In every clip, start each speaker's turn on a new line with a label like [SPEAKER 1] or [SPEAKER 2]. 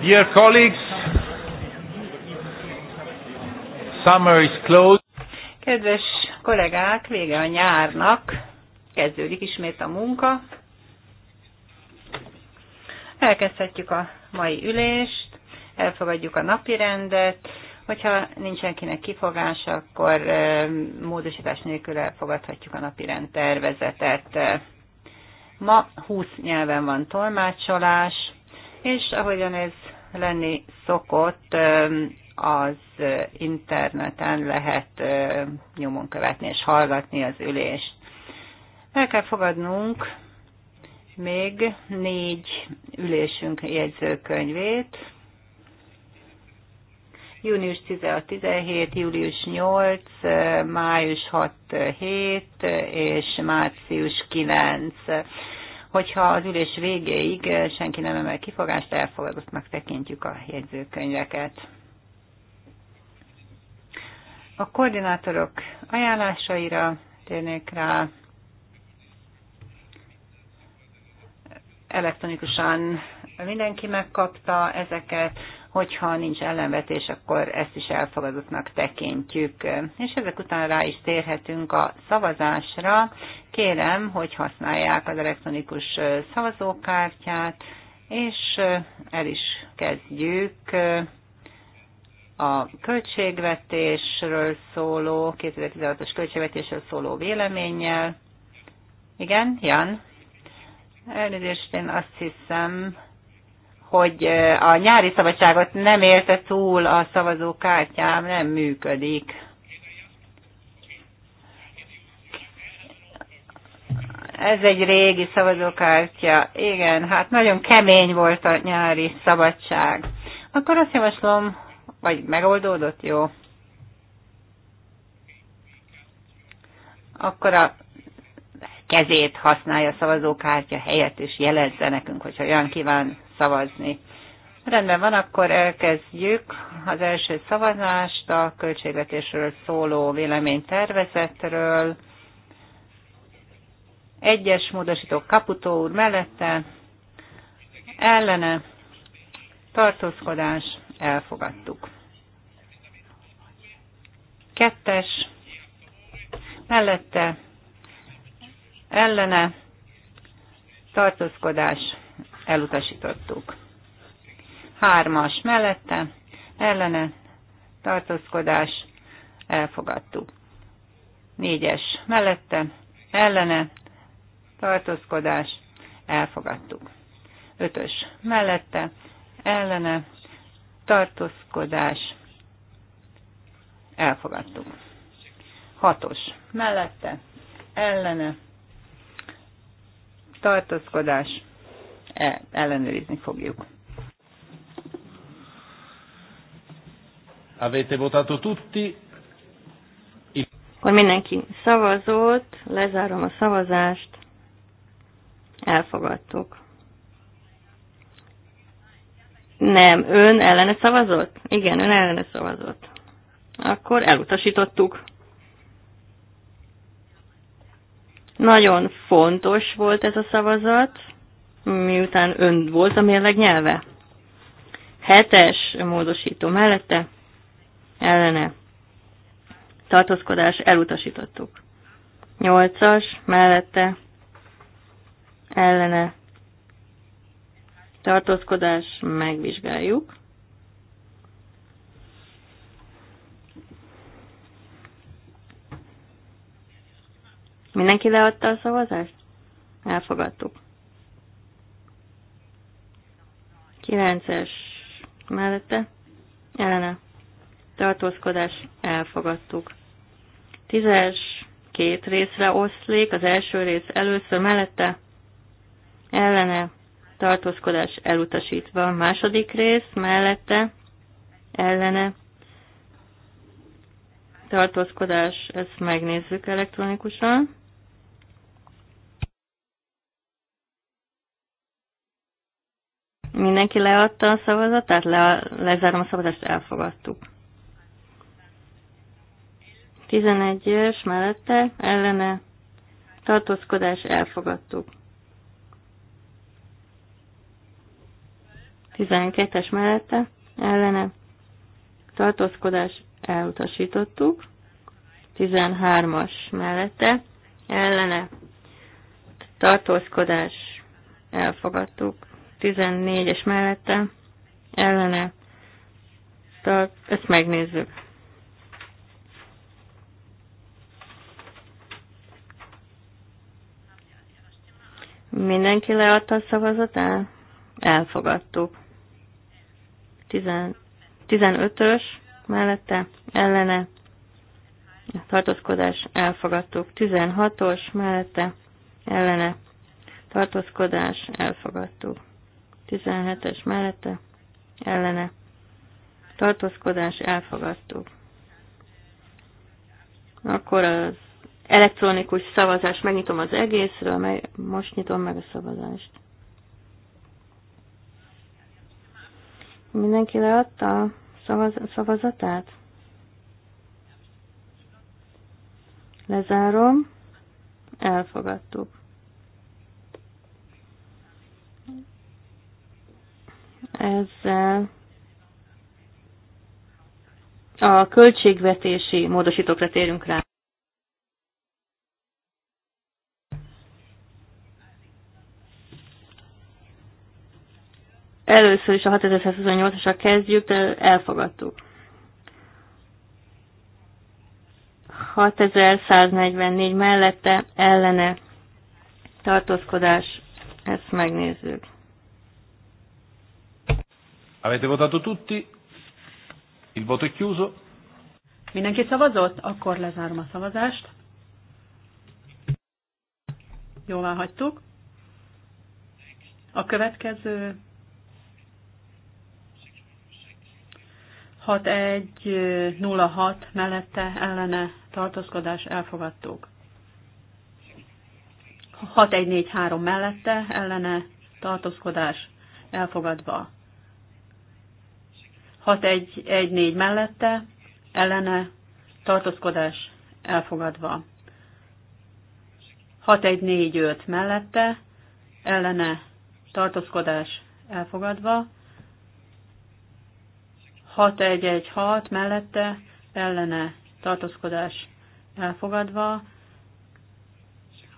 [SPEAKER 1] Dear colleagues,
[SPEAKER 2] summer is closed.
[SPEAKER 3] Kedves kollégák, vége a nyárnak, kezdődik ismét a munka. Elkezdhetjük a mai ülést, elfogadjuk a napi rendet, hogyha nincs senkinek kifogás, akkor eh, módosítás nélkül elfogadhatjuk a napi rend tervezetet. Ma 20 nyelven van tolmácsolás, és ahogyan ez lenni szokott, az interneten lehet nyomon követni és hallgatni az ülést. El kell fogadnunk még négy ülésünk jegyzőkönyvét, június 16-17, július 8, május 6-7 és március 9. Hogyha az ülés végéig senki nem emel kifogást, elfogadottnak tekintjük a jegyzőkönyveket. A koordinátorok ajánlásaira térnék rá. Elektronikusan mindenki megkapta ezeket hogyha nincs ellenvetés, akkor ezt is elfogadottnak tekintjük. És ezek után rá is térhetünk a szavazásra. Kérem, hogy használják az elektronikus szavazókártyát, és el is kezdjük a költségvetésről szóló, 2016-os költségvetésről szóló véleménnyel. Igen, Jan? Elnézést, én azt hiszem, hogy a nyári szabadságot nem érte túl a szavazókártyám, nem működik. Ez egy régi szavazókártya. Igen, hát nagyon kemény volt a nyári szabadság. Akkor azt javaslom, vagy megoldódott, jó? Akkor a kezét használja a szavazókártya helyett, és jelezze nekünk, hogyha olyan kíván szavazni. Rendben van, akkor elkezdjük az első szavazást a költségvetésről szóló véleménytervezetről. Egyes módosító Kaputó úr mellette, ellene, tartózkodás, elfogadtuk. Kettes, mellette, ellene, tartózkodás, elutasítottuk. Hármas mellette, ellene, tartózkodás, elfogadtuk. Négyes mellette, ellene, tartózkodás, elfogadtuk. Ötös mellette, ellene, tartózkodás, elfogadtuk. Hatos mellette, ellene, tartózkodás, E, ellenőrizni fogjuk.
[SPEAKER 4] Avete votato tutti?
[SPEAKER 5] Akkor mindenki szavazott, lezárom a szavazást, elfogadtuk. Nem, ön ellene szavazott? Igen, ön ellene szavazott. Akkor elutasítottuk. Nagyon fontos volt ez a szavazat miután ön volt a mérleg nyelve. Hetes módosító mellette ellene tartózkodás elutasítottuk. Nyolcas mellette ellene tartózkodás megvizsgáljuk. Mindenki leadta a szavazást? Elfogadtuk. 9-es mellette ellene tartózkodás elfogadtuk. 10-es két részre oszlik, az első rész először mellette ellene tartózkodás elutasítva, a második rész mellette ellene tartózkodás, ezt megnézzük elektronikusan. Mindenki leadta a szavazatát? Le, lezárom a szavazást, elfogadtuk. 11-es mellette ellene tartózkodás elfogadtuk. 12-es mellette ellene tartózkodás elutasítottuk. 13-as mellette ellene tartózkodás elfogadtuk. 14-es mellette ellene tart, ezt megnézzük. Mindenki leadta a szavazatát? Elfogadtuk. 15-ös mellette ellene tartózkodás elfogadtuk. 16-os mellette ellene tartózkodás elfogadtuk. 17-es mellette ellene tartózkodás elfogadtuk. Akkor az elektronikus szavazást megnyitom az egészről, meg, most nyitom meg a szavazást. Mindenki leadta a szavaz, szavazatát? Lezárom. Elfogadtuk. Ez a költségvetési módosítókra térünk rá. Először is a 6128-asra kezdjük, de elfogadtuk. 6144 mellette ellene tartózkodás, ezt megnézzük.
[SPEAKER 4] Avete votato tutti?
[SPEAKER 1] Il voto è chiuso.
[SPEAKER 6] Mindenki szavazott? Akkor lezárom a szavazást. Jóvá hagytuk. A következő 6106 mellette ellene tartózkodás elfogadtuk. 6143 mellette ellene tartózkodás elfogadva. 6.1.4 mellette, ellene, tartózkodás elfogadva. 6.1.4.5 mellette, ellene, tartózkodás elfogadva. 6.1.1.6 mellette, ellene, tartózkodás elfogadva.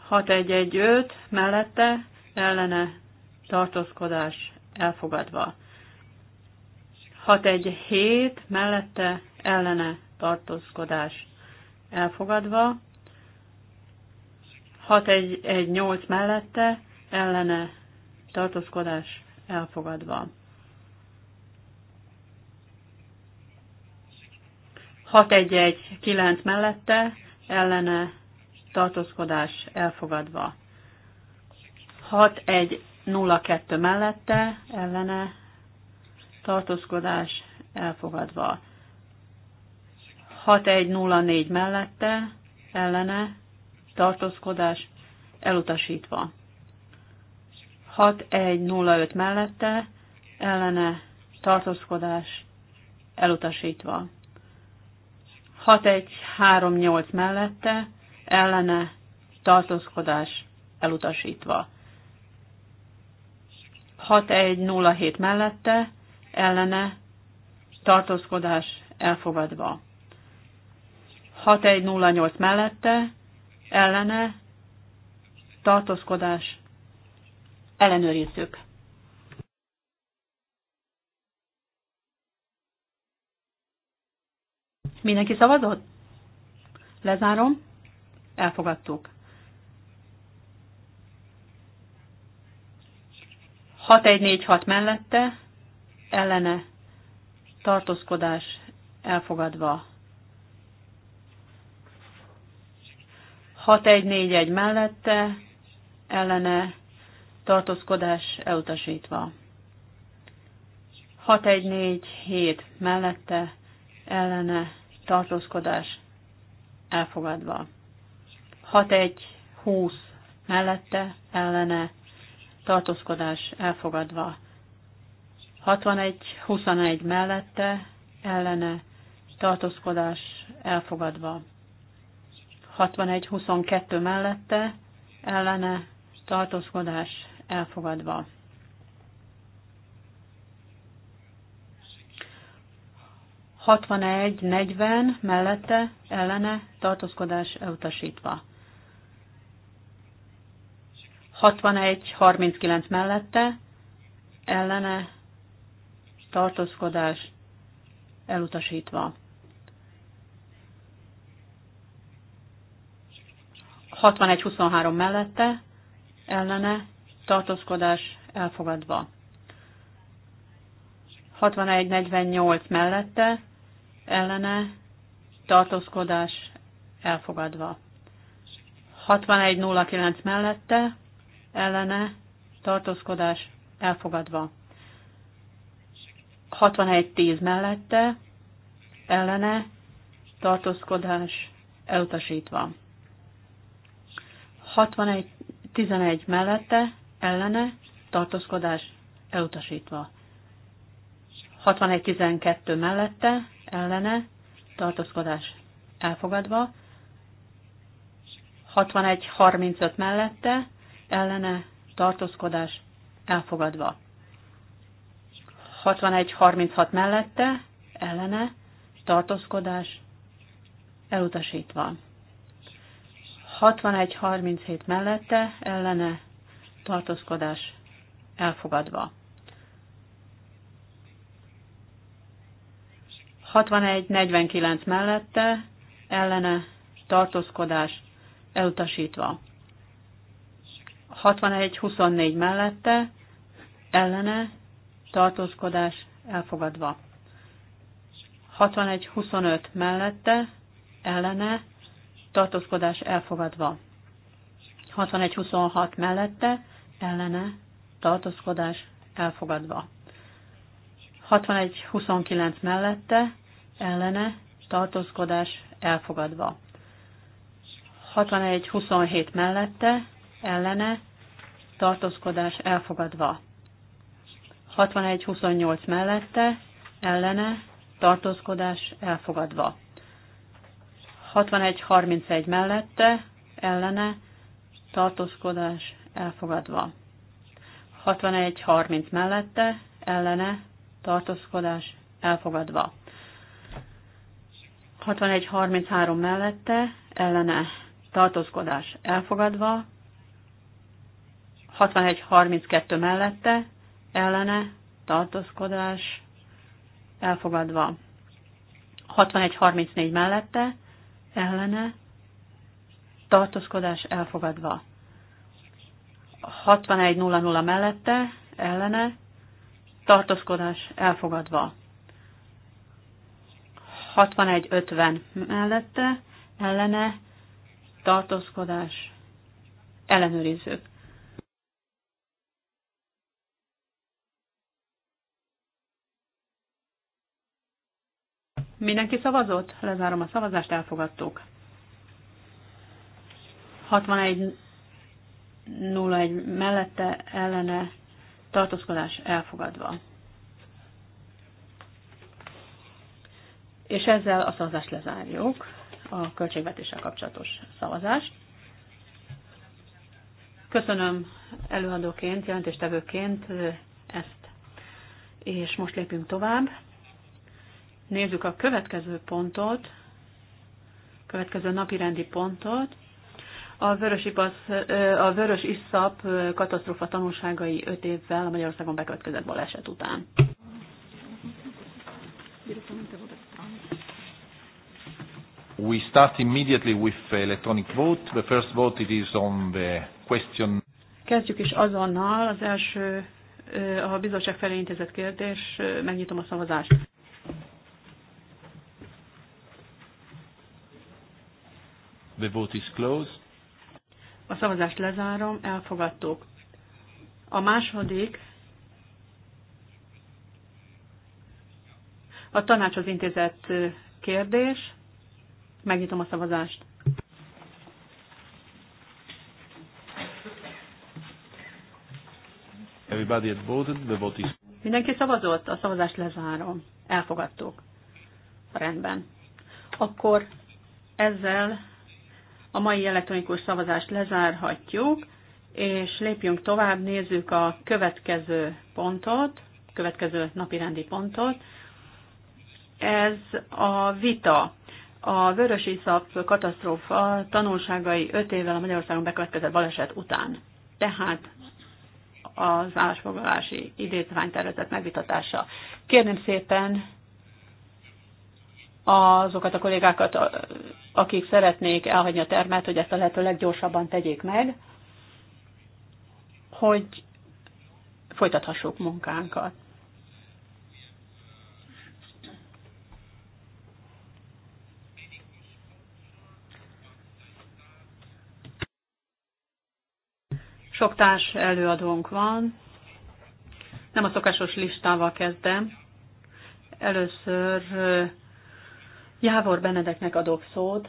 [SPEAKER 6] 6.1.1.5 mellette, ellene, tartózkodás elfogadva. 617 mellette ellene tartózkodás elfogadva, 618 mellette ellene tartózkodás elfogadva. 619 mellette ellene tartózkodás elfogadva. 6102 mellette ellene tartózkodás elfogadva. 6104 mellette, ellene, tartózkodás elutasítva. 6105 mellette, ellene, tartózkodás elutasítva. 6138 mellette, ellene, tartózkodás elutasítva. 6107 mellette, ellene tartózkodás elfogadva. 6108 mellette ellene tartózkodás ellenőrizzük. Mindenki szavazott? Lezárom. Elfogadtuk.
[SPEAKER 2] 6146 mellette
[SPEAKER 6] ellene tartózkodás elfogadva. 6141 mellette ellene tartózkodás elutasítva. 6147 mellette ellene tartózkodás elfogadva. 6120 mellette ellene tartózkodás elfogadva. 61-21 mellette ellene tartózkodás elfogadva. 61-22 mellette ellene tartózkodás elfogadva. 61-40 mellette ellene tartózkodás elutasítva. 61-39 mellette ellene tartózkodás elutasítva. 61-23 mellette, ellene, tartózkodás elfogadva. 61.48 mellette, ellene, tartózkodás elfogadva. 61.09 mellette, ellene, tartózkodás elfogadva. 61-10 mellette ellene tartózkodás elutasítva. 61-11 mellette ellene tartózkodás elutasítva. 61-12 mellette ellene tartózkodás elfogadva. 61-35 mellette ellene tartózkodás elfogadva. 61-36 mellette, ellene, tartózkodás, elutasítva. 61-37 mellette, ellene, tartózkodás, elfogadva. 61-49 mellette, ellene, tartózkodás, elutasítva. 61-24 mellette, ellene, tartózkodás elfogadva. 61-25 mellette, ellene, tartózkodás elfogadva. 61-26 mellette, ellene, tartózkodás elfogadva. 61-29 mellette, ellene, tartózkodás elfogadva. 61-27 mellette, ellene, tartózkodás elfogadva. 61-28 mellette, ellene, tartózkodás elfogadva. 61-31 mellette, ellene, tartózkodás elfogadva. 61-30 mellette, ellene, tartózkodás elfogadva. 61-33 mellette, ellene, tartózkodás elfogadva. 61-32 mellette, ellene, tartózkodás elfogadva. 61-34 mellette, ellene, tartózkodás elfogadva. 61-00 mellette, ellene, tartózkodás elfogadva. 61-50 mellette, ellene, tartózkodás ellenőrizők. Mindenki szavazott? Lezárom a szavazást, elfogadtuk. 61 01 mellette ellene tartózkodás elfogadva. És ezzel a szavazást lezárjuk, a költségvetéssel kapcsolatos szavazást. Köszönöm előadóként, jelentéstevőként ezt, és most lépjünk tovább. Nézzük a következő pontot, következő napi rendi pontot. A vörös, ipasz, a vörös iszap katasztrófa tanulságai 5 évvel a Magyarországon bekövetkezett baleset után.
[SPEAKER 2] We start immediately with electronic vote. The first
[SPEAKER 7] vote it is on the question.
[SPEAKER 6] Kezdjük is azonnal az első a bizottság felé intézett kérdés. Megnyitom a szavazást.
[SPEAKER 1] The vote is closed.
[SPEAKER 6] A szavazást lezárom, elfogadtuk. A második a tanácshoz intézett kérdés. Megnyitom a szavazást.
[SPEAKER 4] Everybody had voted, the vote is...
[SPEAKER 6] Mindenki szavazott? A szavazást lezárom. Elfogadtuk. Rendben. Akkor ezzel a mai elektronikus szavazást lezárhatjuk, és lépjünk tovább, nézzük a következő pontot, következő napirendi pontot. Ez a vita. A vörös iszap katasztrófa tanulságai 5 évvel a Magyarországon bekövetkezett baleset után. Tehát az állásfoglalási idézványtervezet megvitatása. Kérném szépen azokat a kollégákat, akik szeretnék elhagyni a termet, hogy ezt a lehető leggyorsabban tegyék meg, hogy folytathassuk munkánkat. Sok társ előadónk van. Nem a szokásos listával kezdem. Először Jávor Benedeknek adok szót.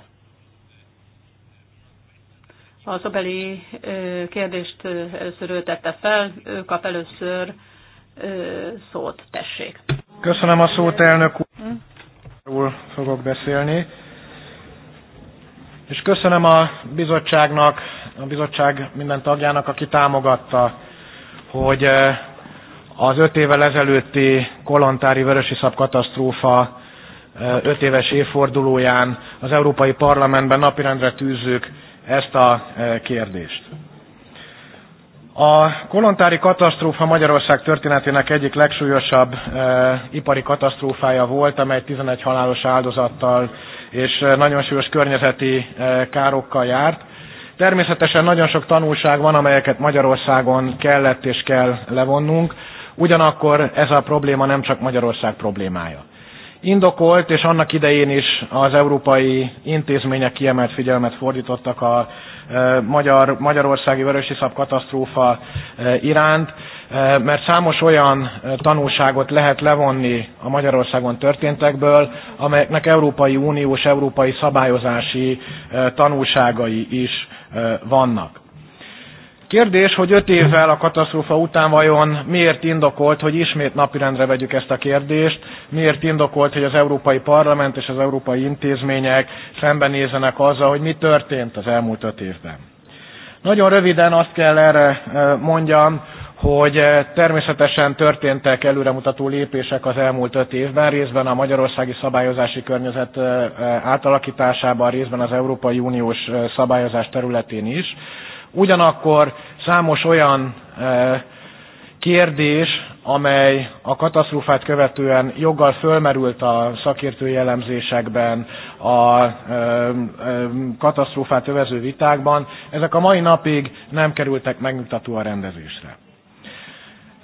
[SPEAKER 6] A szobeli kérdést először ő tette fel, ő kap először szót, tessék.
[SPEAKER 7] Köszönöm a szót, elnök
[SPEAKER 6] hm?
[SPEAKER 7] úr. fogok beszélni. És köszönöm a bizottságnak, a bizottság minden tagjának, aki támogatta, hogy az öt évvel ezelőtti kolontári vörösiszap katasztrófa öt éves évfordulóján az Európai Parlamentben napirendre tűzzük ezt a kérdést. A kolontári katasztrófa Magyarország történetének egyik legsúlyosabb e, ipari katasztrófája volt, amely 11 halálos áldozattal és nagyon súlyos környezeti e, károkkal járt. Természetesen nagyon sok tanulság van, amelyeket Magyarországon kellett és kell levonnunk, ugyanakkor ez a probléma nem csak Magyarország problémája indokolt, és annak idején is az európai intézmények kiemelt figyelmet fordítottak a e, magyar, magyarországi szab katasztrófa e, iránt, e, mert számos olyan tanulságot lehet levonni a Magyarországon történtekből, amelyeknek Európai Uniós, európai szabályozási tanulságai is vannak. Kérdés, hogy öt évvel a katasztrófa után vajon miért indokolt, hogy ismét napirendre vegyük ezt a kérdést, miért indokolt, hogy az Európai Parlament és az európai intézmények szembenézenek azzal, hogy mi történt az elmúlt öt évben. Nagyon röviden azt kell erre eh, mondjam, hogy eh, természetesen történtek előremutató lépések az elmúlt öt évben, részben a magyarországi szabályozási környezet eh, átalakításában, részben az Európai Uniós szabályozás területén is. Ugyanakkor számos olyan e, kérdés, amely a katasztrófát követően joggal fölmerült a szakértői elemzésekben, a e, e, katasztrófát övező vitákban, ezek a mai napig nem kerültek megnyugtató a rendezésre.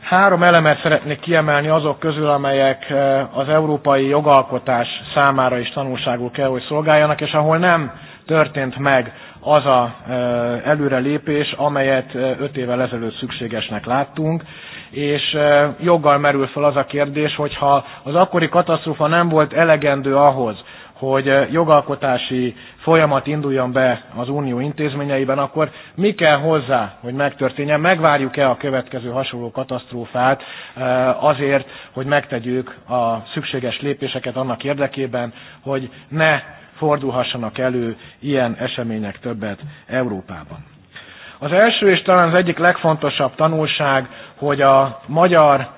[SPEAKER 7] Három elemet szeretnék kiemelni azok közül, amelyek az európai jogalkotás számára is tanulságul kell, hogy szolgáljanak, és ahol nem történt meg az a előrelépés, amelyet öt évvel ezelőtt szükségesnek láttunk, és joggal merül fel az a kérdés, hogyha az akkori katasztrófa nem volt elegendő ahhoz, hogy jogalkotási folyamat induljon be az unió intézményeiben, akkor mi kell hozzá, hogy megtörténjen? Megvárjuk-e a következő hasonló katasztrófát azért, hogy megtegyük a szükséges lépéseket annak érdekében, hogy ne fordulhassanak elő ilyen események többet Európában. Az első és talán az egyik legfontosabb tanulság, hogy a magyar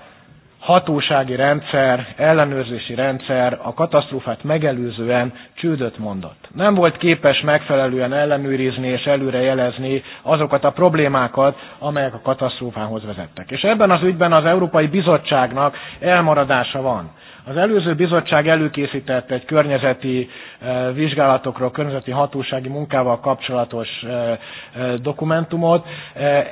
[SPEAKER 7] hatósági rendszer, ellenőrzési rendszer a katasztrófát megelőzően csődöt mondott. Nem volt képes megfelelően ellenőrizni és előrejelezni azokat a problémákat, amelyek a katasztrófához vezettek. És ebben az ügyben az Európai Bizottságnak elmaradása van. Az előző bizottság előkészített egy környezeti eh, vizsgálatokról, környezeti hatósági munkával kapcsolatos eh, eh, dokumentumot.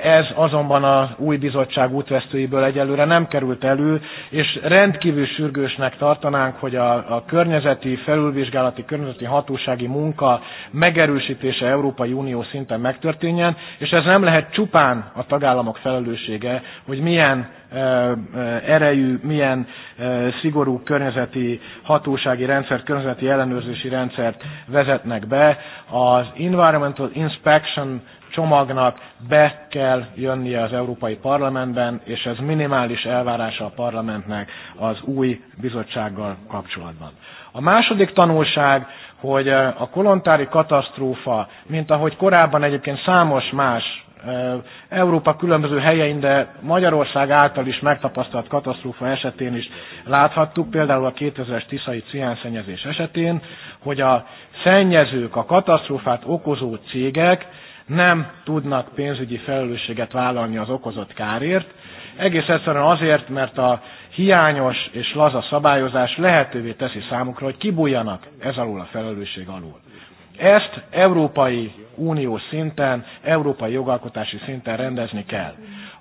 [SPEAKER 7] Ez azonban az új bizottság útvesztőiből egyelőre nem került elő, és rendkívül sürgősnek tartanánk, hogy a, a környezeti, felülvizsgálati, környezeti hatósági munka megerősítése Európai Unió szinten megtörténjen, és ez nem lehet csupán a tagállamok felelőssége, hogy milyen erejű, milyen szigorú környezeti hatósági rendszert, környezeti ellenőrzési rendszert vezetnek be. Az Environmental Inspection csomagnak be kell jönnie az Európai Parlamentben, és ez minimális elvárása a parlamentnek az új bizottsággal kapcsolatban. A második tanulság, hogy a kolontári katasztrófa, mint ahogy korábban egyébként számos más Európa különböző helyein, de Magyarország által is megtapasztalt katasztrófa esetén is láthattuk, például a 2000-es tiszai ciánszennyezés esetén, hogy a szennyezők, a katasztrófát okozó cégek nem tudnak pénzügyi felelősséget vállalni az okozott kárért, egész egyszerűen azért, mert a hiányos és laza szabályozás lehetővé teszi számukra, hogy kibújjanak ez alól a felelősség alól. Ezt Európai Unió szinten, európai jogalkotási szinten rendezni kell.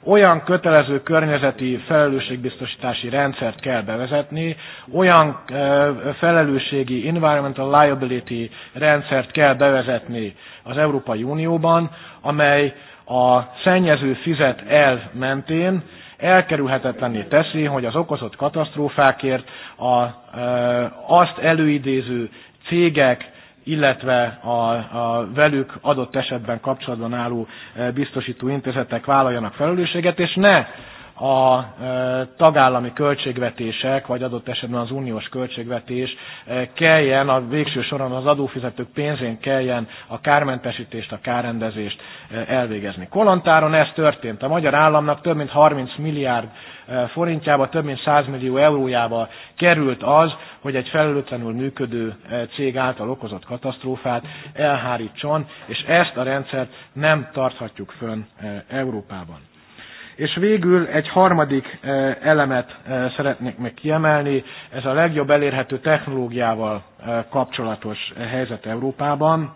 [SPEAKER 7] Olyan kötelező környezeti felelősségbiztosítási rendszert kell bevezetni, olyan felelősségi environmental liability rendszert kell bevezetni az Európai Unióban, amely a szennyező fizet elv mentén elkerülhetetlenné teszi, hogy az okozott katasztrófákért a, azt előidéző cégek, illetve a, a velük adott esetben kapcsolatban álló eh, biztosító intézetek vállaljanak felelősséget, és ne a tagállami költségvetések, vagy adott esetben az uniós költségvetés kelljen, a végső soron az adófizetők pénzén kelljen a kármentesítést, a kárrendezést elvégezni. Kolontáron ez történt. A magyar államnak több mint 30 milliárd forintjába, több mint 100 millió eurójába került az, hogy egy felelőtlenül működő cég által okozott katasztrófát elhárítson, és ezt a rendszert nem tarthatjuk fönn Európában. És végül egy harmadik elemet szeretnék még kiemelni, ez a legjobb elérhető technológiával kapcsolatos helyzet Európában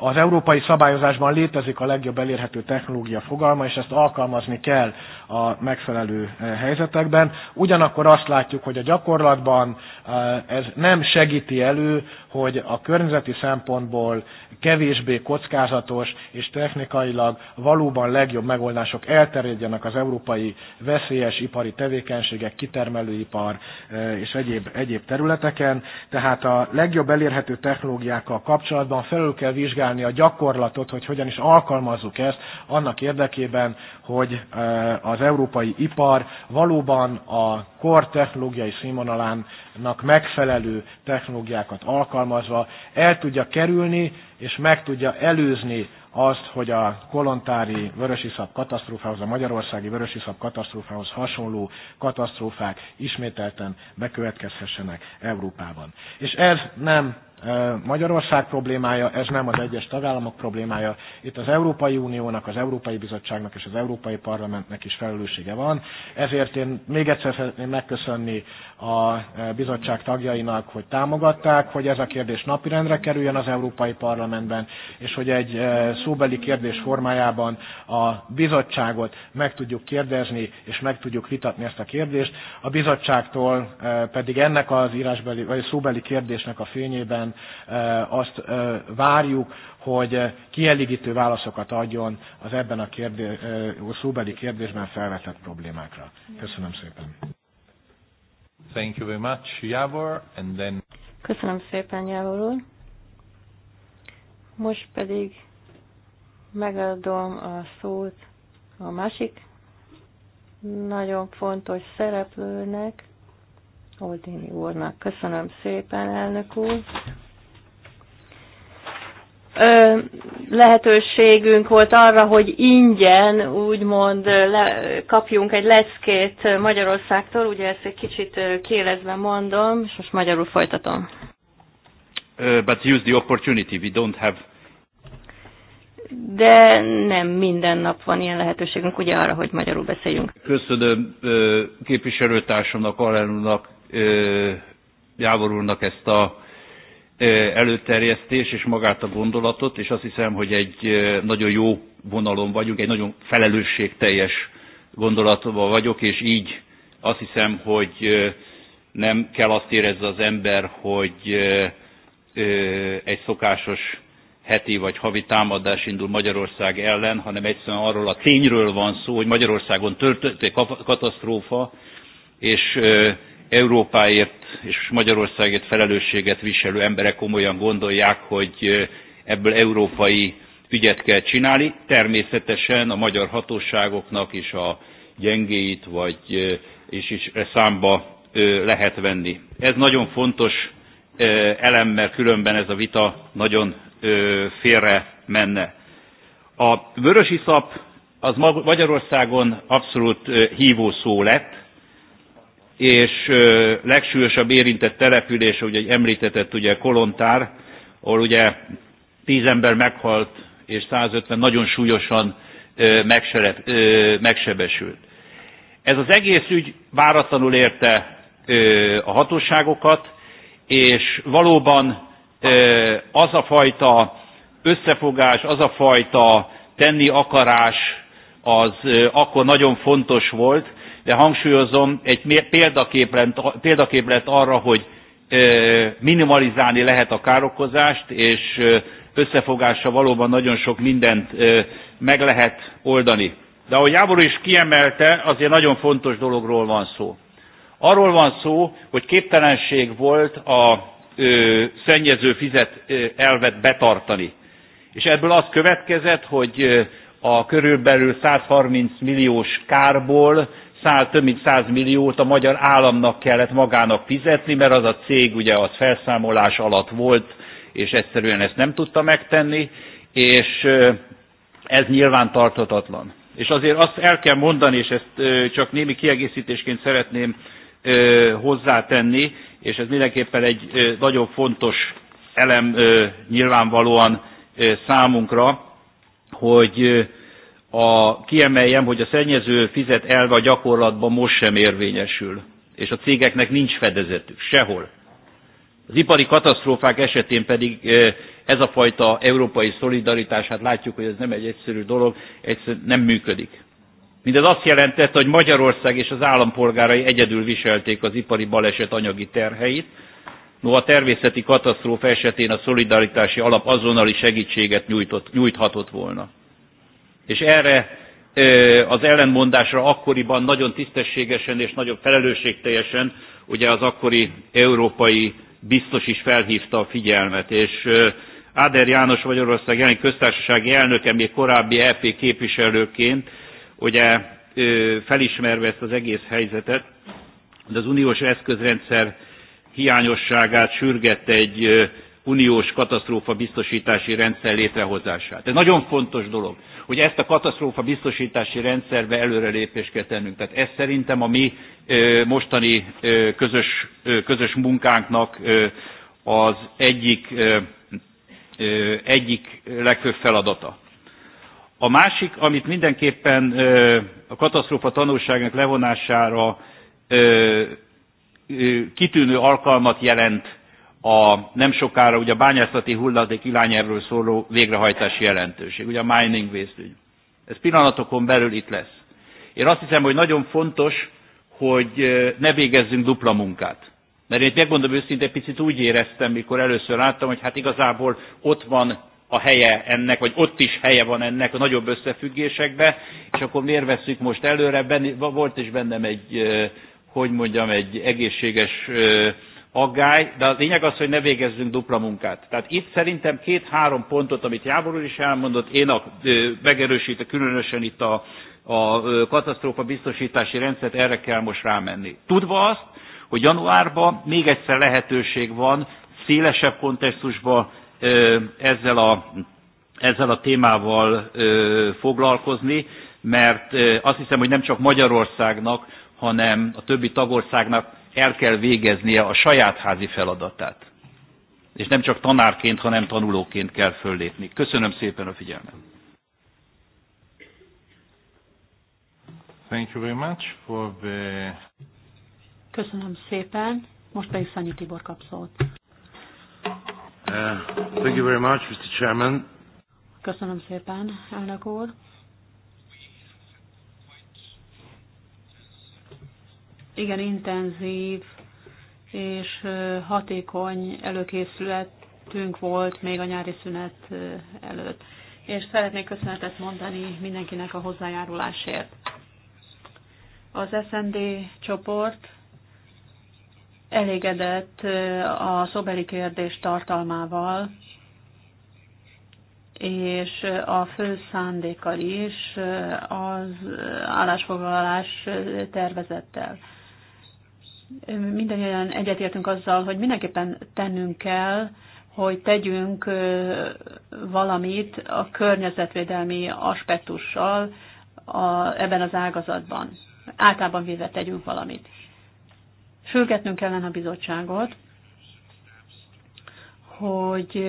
[SPEAKER 7] az európai szabályozásban létezik a legjobb elérhető technológia fogalma, és ezt alkalmazni kell a megfelelő eh, helyzetekben. Ugyanakkor azt látjuk, hogy a gyakorlatban eh, ez nem segíti elő, hogy a környezeti szempontból kevésbé kockázatos és technikailag valóban legjobb megoldások elterjedjenek az európai veszélyes ipari tevékenységek, kitermelőipar eh, és egyéb, egyéb területeken. Tehát a legjobb elérhető technológiákkal kapcsolatban felül kell vizsgálni, vizsgálni a gyakorlatot, hogy hogyan is alkalmazzuk ezt annak érdekében, hogy e, az európai ipar valóban a kor technológiai színvonalának megfelelő technológiákat alkalmazva el tudja kerülni és meg tudja előzni azt, hogy a kolontári vörösiszap katasztrófához, a magyarországi vörösiszap katasztrófához hasonló katasztrófák ismételten bekövetkezhessenek Európában. És ez nem Magyarország problémája, ez nem az egyes tagállamok problémája. Itt az Európai Uniónak, az Európai Bizottságnak és az Európai Parlamentnek is felelőssége van. Ezért én még egyszer szeretném megköszönni a bizottság tagjainak, hogy támogatták, hogy ez a kérdés napirendre kerüljön az Európai Parlamentben, és hogy egy szóbeli kérdés formájában a bizottságot meg tudjuk kérdezni, és meg tudjuk vitatni ezt a kérdést. A bizottságtól pedig ennek az írásbeli, vagy szóbeli kérdésnek a fényében kormány azt várjuk, hogy kielégítő válaszokat adjon az ebben a kérdés, szóbeli kérdésben felvetett problémákra. Köszönöm szépen.
[SPEAKER 4] Thank you very much, Javor, and then...
[SPEAKER 5] Köszönöm szépen, Javor úr. Most pedig megadom a szót a másik nagyon fontos szereplőnek, Oldini úrnak. Köszönöm szépen, elnök úr. Ö, lehetőségünk volt arra, hogy ingyen, úgymond le, kapjunk egy leckét Magyarországtól, ugye ezt egy kicsit kérezve mondom, és most magyarul folytatom.
[SPEAKER 1] Uh, but use the opportunity, we don't have
[SPEAKER 5] de nem minden nap van ilyen lehetőségünk, ugye arra, hogy magyarul beszéljünk.
[SPEAKER 1] Köszönöm képviselőtársamnak, alelnúnak jávorulnak ezt a előterjesztés és magát a gondolatot, és azt hiszem, hogy egy nagyon jó vonalon vagyunk, egy nagyon felelősségteljes gondolatban vagyok, és így azt hiszem, hogy nem kell azt érezze az ember, hogy egy szokásos heti vagy havi támadás indul Magyarország ellen, hanem egyszerűen arról a tényről van szó, hogy Magyarországon történt egy katasztrófa, és Európáért és Magyarországért felelősséget viselő emberek komolyan gondolják, hogy ebből európai ügyet kell csinálni. Természetesen a magyar hatóságoknak is a gyengéit vagy, és is e számba lehet venni. Ez nagyon fontos elem, mert különben ez a vita nagyon félre menne. A vörösiszap az Magyarországon abszolút hívó szó lett, és legsúlyosabb érintett település, ugye említetett ugye Kolontár, ahol ugye 10 ember meghalt, és 150 nagyon súlyosan megsebesült. Ez az egész ügy váratlanul érte a hatóságokat, és valóban az a fajta összefogás, az a fajta tenni akarás az akkor nagyon fontos volt, de hangsúlyozom, egy példakép lett, arra, hogy minimalizálni lehet a károkozást, és összefogásra valóban nagyon sok mindent meg lehet oldani. De ahogy Jábor is kiemelte, azért nagyon fontos dologról van szó. Arról van szó, hogy képtelenség volt a szennyező fizet elvet betartani. És ebből az következett, hogy a körülbelül 130 milliós kárból Száll több mint 100 milliót a magyar államnak kellett magának fizetni, mert az a cég ugye az felszámolás alatt volt, és egyszerűen ezt nem tudta megtenni, és ez nyilván tarthatatlan. És azért azt el kell mondani, és ezt csak némi kiegészítésként szeretném hozzátenni, és ez mindenképpen egy nagyon fontos elem nyilvánvalóan számunkra, hogy a, kiemeljem, hogy a szennyező fizet elve a gyakorlatban most sem érvényesül, és a cégeknek nincs fedezetük sehol. Az ipari katasztrófák esetén pedig ez a fajta európai szolidaritás, hát látjuk, hogy ez nem egy egyszerű dolog, egyszerűen nem működik. Mindez azt jelentette, hogy Magyarország és az állampolgárai egyedül viselték az ipari baleset anyagi terheit, noha természeti katasztrófa esetén a szolidaritási alap azonnali segítséget nyújtott, nyújthatott volna és erre az ellenmondásra akkoriban nagyon tisztességesen és nagyon felelősségteljesen ugye az akkori európai biztos is felhívta a figyelmet. És Áder János Magyarország jelen köztársasági elnöke még korábbi EP képviselőként ugye felismerve ezt az egész helyzetet, de az uniós eszközrendszer hiányosságát sürgette egy uniós katasztrófa biztosítási rendszer létrehozását. Ez nagyon fontos dolog, hogy ezt a katasztrófa biztosítási rendszerbe előrelépést kell tennünk. Tehát ez szerintem a mi mostani közös, közös munkánknak az egyik, egyik legfőbb feladata. A másik, amit mindenképpen a katasztrófa tanulságnak levonására kitűnő alkalmat jelent a nem sokára ugye a bányászati hulladék irányelvről szóló végrehajtási jelentőség, ugye a mining waste ügy. Ez pillanatokon belül itt lesz. Én azt hiszem, hogy nagyon fontos, hogy ne végezzünk dupla munkát. Mert én megmondom őszintén, picit úgy éreztem, mikor először láttam, hogy hát igazából ott van a helye ennek, vagy ott is helye van ennek a nagyobb összefüggésekbe, és akkor miért veszük most előre? Benni, volt is bennem egy, hogy mondjam, egy egészséges aggály, de a lényeg az, hogy ne végezzünk dupla munkát. Tehát itt szerintem két-három pontot, amit Jábor úr is elmondott, én a, megerősít, különösen itt a, a katasztrófa biztosítási rendszert, erre kell most rámenni. Tudva azt, hogy januárban még egyszer lehetőség van szélesebb kontextusban ezzel a, ezzel a témával foglalkozni, mert azt hiszem, hogy nem csak Magyarországnak, hanem a többi tagországnak el kell végeznie a saját házi feladatát. És nem csak tanárként, hanem tanulóként kell föllépni. Köszönöm szépen a figyelmet.
[SPEAKER 4] Thank you very much for the...
[SPEAKER 6] Köszönöm szépen. Most pedig Szanyi Tibor kap szót.
[SPEAKER 4] Uh, thank you very much, Mr. Chairman.
[SPEAKER 6] Köszönöm szépen, elnök úr. igen intenzív és hatékony előkészületünk volt még a nyári szünet előtt. És szeretnék köszönetet mondani mindenkinek a hozzájárulásért. Az SND csoport elégedett a szobeli kérdés tartalmával, és a fő szándékkal is az állásfoglalás tervezettel mindannyian egyetértünk azzal, hogy mindenképpen tennünk kell, hogy tegyünk valamit a környezetvédelmi aspektussal a, ebben az ágazatban. Általában véve tegyünk valamit. Sürgetnünk kellene a bizottságot, hogy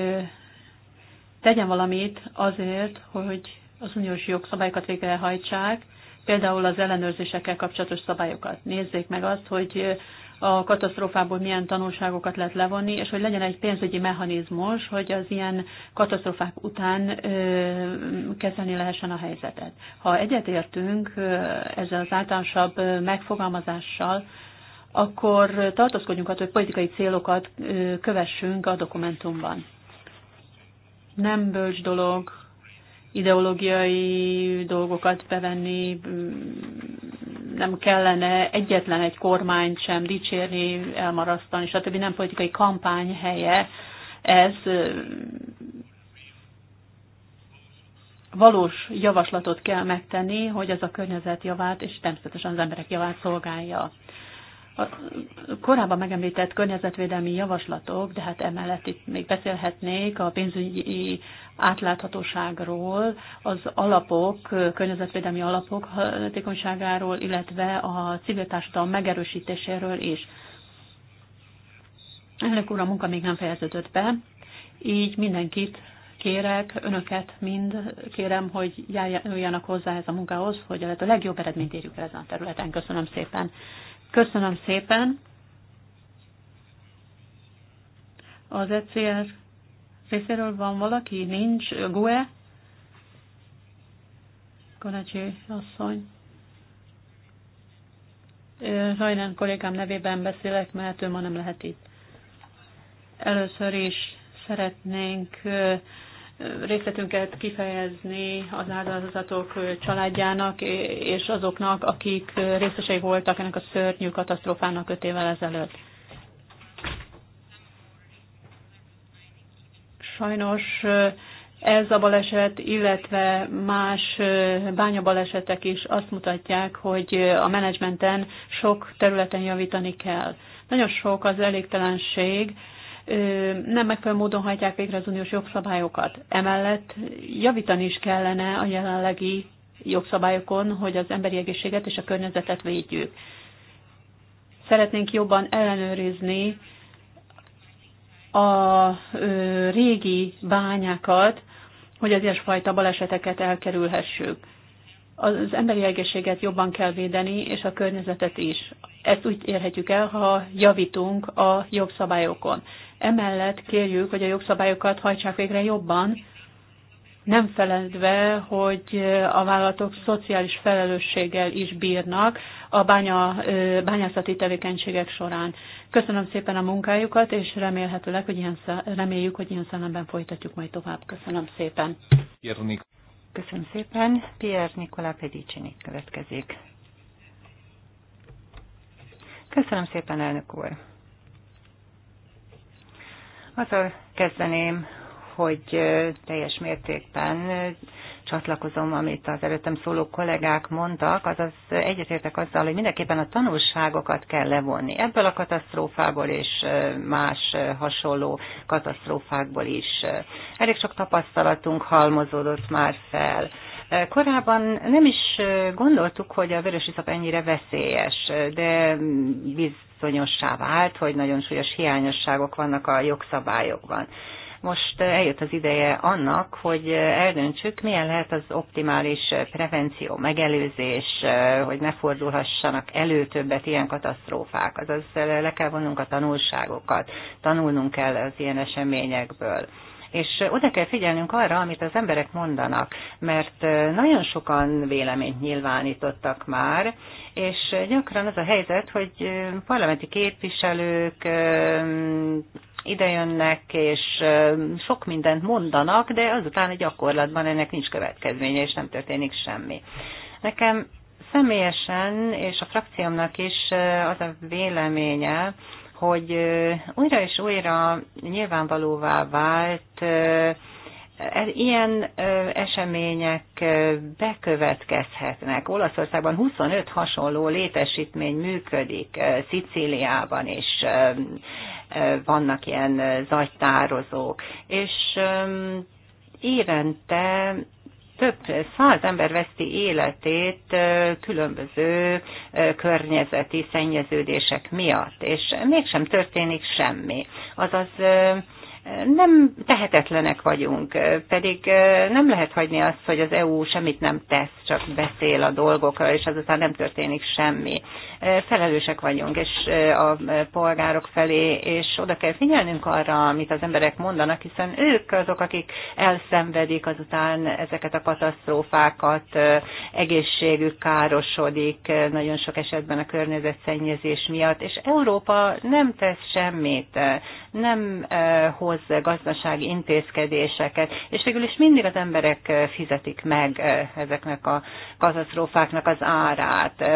[SPEAKER 6] tegyen valamit azért, hogy az uniós jogszabályokat végrehajtsák, például az ellenőrzésekkel kapcsolatos szabályokat. Nézzék meg azt, hogy a katasztrófából milyen tanulságokat lehet levonni, és hogy legyen egy pénzügyi mechanizmus, hogy az ilyen katasztrófák után ö, kezelni lehessen a helyzetet. Ha egyetértünk ezzel az általánosabb megfogalmazással, akkor tartózkodjunk attól, hogy politikai célokat kövessünk a dokumentumban. Nem bölcs dolog ideológiai dolgokat bevenni, nem kellene egyetlen egy kormányt sem dicsérni, elmarasztani, stb. nem politikai kampány helye. Ez valós javaslatot kell megtenni, hogy ez a környezet javát, és természetesen az emberek javát szolgálja. A korábban megemlített környezetvédelmi javaslatok, de hát emellett itt még beszélhetnék a pénzügyi átláthatóságról, az alapok, környezetvédelmi alapok hatékonyságáról, illetve a civil társadalom megerősítéséről is. Elnök úr, a munka még nem fejeződött be, így mindenkit kérek, önöket mind kérem, hogy járjanak hozzá ez a munkához, hogy a legjobb eredményt érjük el ezen a területen. Köszönöm szépen. Köszönöm szépen. Az ECR részéről van valaki? Nincs? GUE? Konecsi asszony. Rajnán kollégám nevében beszélek, mert ő ma nem lehet itt. Először is szeretnénk részletünket kifejezni az áldozatok családjának és azoknak, akik részesei voltak ennek a szörnyű katasztrófának öt évvel ezelőtt. Sajnos ez a baleset, illetve más bányabalesetek is azt mutatják, hogy a menedzsmenten sok területen javítani kell. Nagyon sok az elégtelenség, nem megfelelő módon hajtják végre az uniós jogszabályokat. Emellett javítani is kellene a jelenlegi jogszabályokon, hogy az emberi egészséget és a környezetet védjük. Szeretnénk jobban ellenőrizni a régi bányákat, hogy az ilyesfajta baleseteket elkerülhessük. Az emberi egészséget jobban kell védeni, és a környezetet is. Ezt úgy érhetjük el, ha javítunk a jogszabályokon. Emellett kérjük, hogy a jogszabályokat hajtsák végre jobban, nem feledve, hogy a vállalatok szociális felelősséggel is bírnak a bánya, bányászati tevékenységek során. Köszönöm szépen a munkájukat, és remélhetőleg, hogy ilyen, reméljük, hogy ilyen szellemben folytatjuk majd tovább. Köszönöm szépen.
[SPEAKER 3] Köszönöm szépen. Pierre Nikola Pedicini következik. Köszönöm szépen, elnök úr. Azzal kezdeném, hogy teljes mértékben csatlakozom, amit az előttem szóló kollégák mondtak, azaz egyetértek azzal, hogy mindenképpen a tanulságokat kell levonni. Ebből a katasztrófából és más hasonló katasztrófákból is. Elég sok tapasztalatunk halmozódott már fel Korábban nem is gondoltuk, hogy a vörös iszap ennyire veszélyes, de bizonyossá vált, hogy nagyon súlyos hiányosságok vannak a jogszabályokban. Most eljött az ideje annak, hogy eldöntsük, milyen lehet az optimális prevenció, megelőzés, hogy ne fordulhassanak elő többet ilyen katasztrófák. Azaz le kell vonnunk a tanulságokat, tanulnunk kell az ilyen eseményekből és oda kell figyelnünk arra, amit az emberek mondanak, mert nagyon sokan véleményt nyilvánítottak már, és gyakran az a helyzet, hogy parlamenti képviselők idejönnek, és sok mindent mondanak, de azután a gyakorlatban ennek nincs következménye, és nem történik semmi. Nekem személyesen és a frakciómnak is az a véleménye, hogy újra és újra nyilvánvalóvá vált e, Ilyen események bekövetkezhetnek. Olaszországban 25 hasonló létesítmény működik, Szicíliában is vannak ilyen zajtározók, és évente több száz ember veszti életét különböző környezeti szennyeződések miatt, és mégsem történik semmi. Azaz nem tehetetlenek vagyunk, pedig nem lehet hagyni azt, hogy az EU semmit nem tesz, csak beszél a dolgokra, és azután nem történik semmi. Felelősek vagyunk, és a polgárok felé, és oda kell figyelnünk arra, amit az emberek mondanak, hiszen ők azok, akik elszenvedik azután ezeket a katasztrófákat, egészségük károsodik, nagyon sok esetben a környezetszennyezés miatt, és Európa nem tesz semmit, nem hoz hoz gazdasági intézkedéseket, és végül is mindig az emberek fizetik meg ezeknek a katasztrófáknak az árát.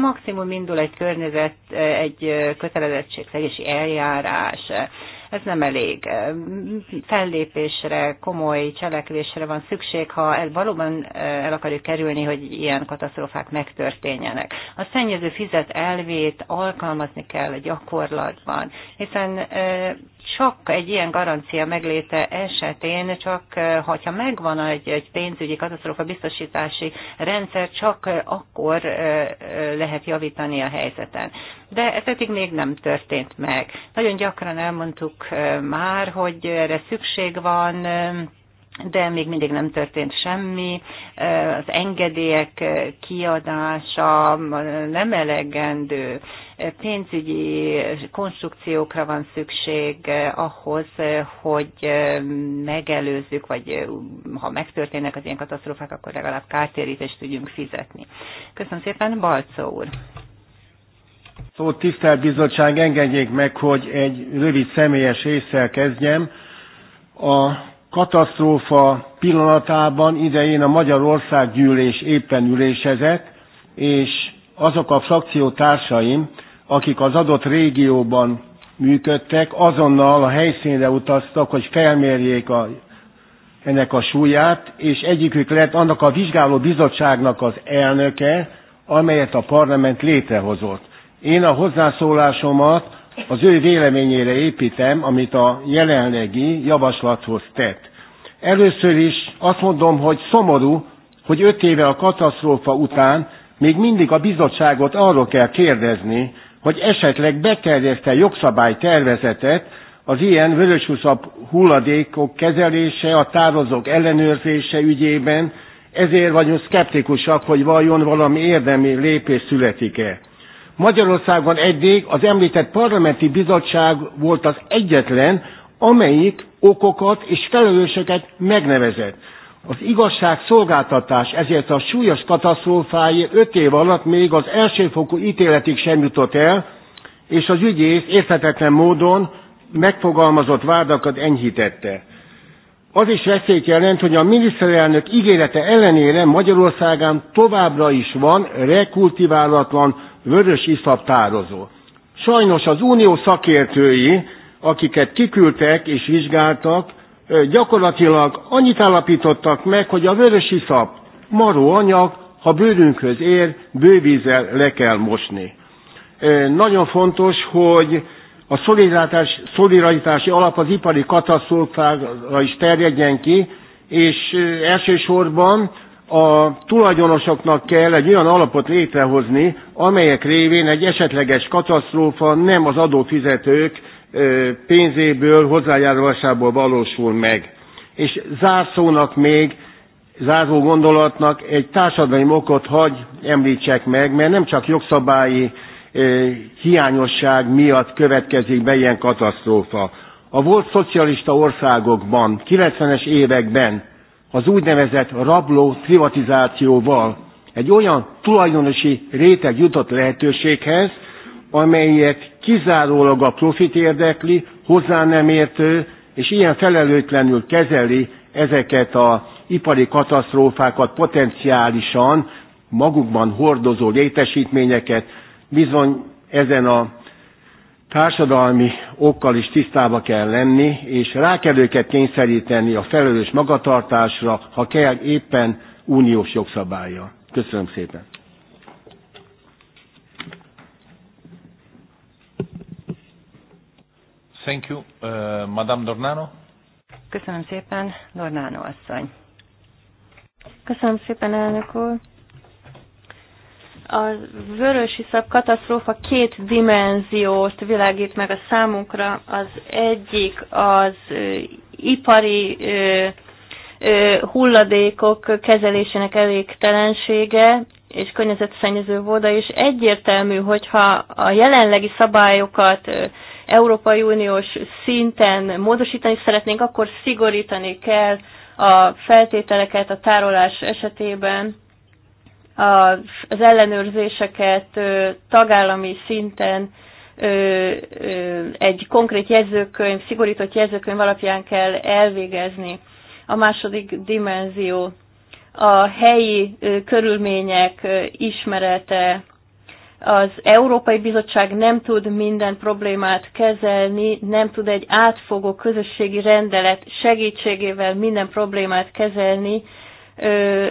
[SPEAKER 3] Maximum indul egy környezet, egy kötelezettségszegési eljárás, ez nem elég. Fellépésre, komoly cselekvésre van szükség, ha valóban el akarjuk kerülni, hogy ilyen katasztrófák megtörténjenek. A szennyező fizet elvét alkalmazni kell a gyakorlatban, hiszen csak egy ilyen garancia megléte esetén, csak eh, ha megvan egy, egy pénzügyi katasztrófa biztosítási rendszer, csak eh, akkor eh, lehet javítani a helyzeten. De ez eddig még nem történt meg. Nagyon gyakran elmondtuk már, hogy erre szükség van, de még mindig nem történt semmi. Az engedélyek kiadása nem elegendő. Pénzügyi konstrukciókra van szükség ahhoz, hogy megelőzzük, vagy ha megtörténnek az ilyen katasztrófák, akkor legalább kártérítést tudjunk fizetni. Köszönöm szépen, Balcó úr!
[SPEAKER 2] Szó, szóval, tisztelt bizottság, engedjék meg, hogy egy rövid személyes észre kezdjem. A katasztrófa pillanatában idején a Magyarország gyűlés éppen ülésezett, és azok a frakciótársaim, akik az adott régióban működtek, azonnal a helyszínre utaztak, hogy felmérjék a, ennek a súlyát, és egyikük lett annak a vizsgáló bizottságnak az elnöke, amelyet a parlament létrehozott. Én a hozzászólásomat az ő véleményére építem, amit a jelenlegi javaslathoz tett. Először is azt mondom, hogy szomorú, hogy öt éve a katasztrófa után még mindig a bizottságot arról kell kérdezni, hogy esetleg beterjeszte jogszabálytervezetet az ilyen vörösúszabb hulladékok kezelése, a tározók ellenőrzése ügyében, ezért vagyunk szkeptikusak, hogy vajon valami érdemi lépés születik-e. Magyarországon eddig az említett parlamenti bizottság volt az egyetlen, amelyik okokat és felelőseket megnevezett. Az igazságszolgáltatás ezért a súlyos katasztrófái öt év alatt még az elsőfokú ítéletig sem jutott el, és az ügyész érthetetlen módon megfogalmazott vádakat enyhítette. Az is veszélyt jelent, hogy a miniszterelnök ígérete ellenére Magyarországán továbbra is van rekultiválatlan vörös iszap tározó. Sajnos az unió szakértői, akiket kiküldtek és vizsgáltak, gyakorlatilag annyit állapítottak meg, hogy a vörös iszap maró anyag, ha bőrünkhöz ér, bővízzel le kell mosni. Nagyon fontos, hogy a szolidaritás, szolidaritási alap az ipari katasztrófára is terjedjen ki, és elsősorban a tulajdonosoknak kell egy olyan alapot létrehozni, amelyek révén egy esetleges katasztrófa nem az adófizetők pénzéből, hozzájárulásából valósul meg. És zárszónak még, záró gondolatnak egy társadalmi okot hagy említsek meg, mert nem csak jogszabályi hiányosság miatt következik be ilyen katasztrófa. A volt szocialista országokban, 90-es években az úgynevezett rabló privatizációval. Egy olyan tulajdonosi réteg jutott lehetőséghez, amelyet kizárólag a profit érdekli, hozzá nem értő, és ilyen felelőtlenül kezeli ezeket az ipari katasztrófákat potenciálisan magukban hordozó létesítményeket. Bizony ezen a társadalmi okkal is tisztába kell lenni, és rá kell őket kényszeríteni a felelős magatartásra, ha kell éppen uniós jogszabálya. Köszönöm szépen.
[SPEAKER 7] Thank you. Uh, Madame
[SPEAKER 2] Dornano.
[SPEAKER 5] Köszönöm szépen, Dornano asszony. Köszönöm szépen, elnök úr. A vörös iszap katasztrófa két dimenziót világít meg a számunkra. Az egyik az ipari hulladékok kezelésének elégtelensége, és környezetszennyező voda, és egyértelmű, hogyha a jelenlegi szabályokat Európai Uniós szinten módosítani szeretnénk, akkor szigorítani kell a feltételeket a tárolás esetében, az ellenőrzéseket tagállami szinten egy konkrét jegyzőkönyv, szigorított jegyzőkönyv alapján kell elvégezni. A második dimenzió a helyi körülmények ismerete, az Európai Bizottság nem tud minden problémát kezelni, nem tud egy átfogó közösségi rendelet segítségével minden problémát kezelni,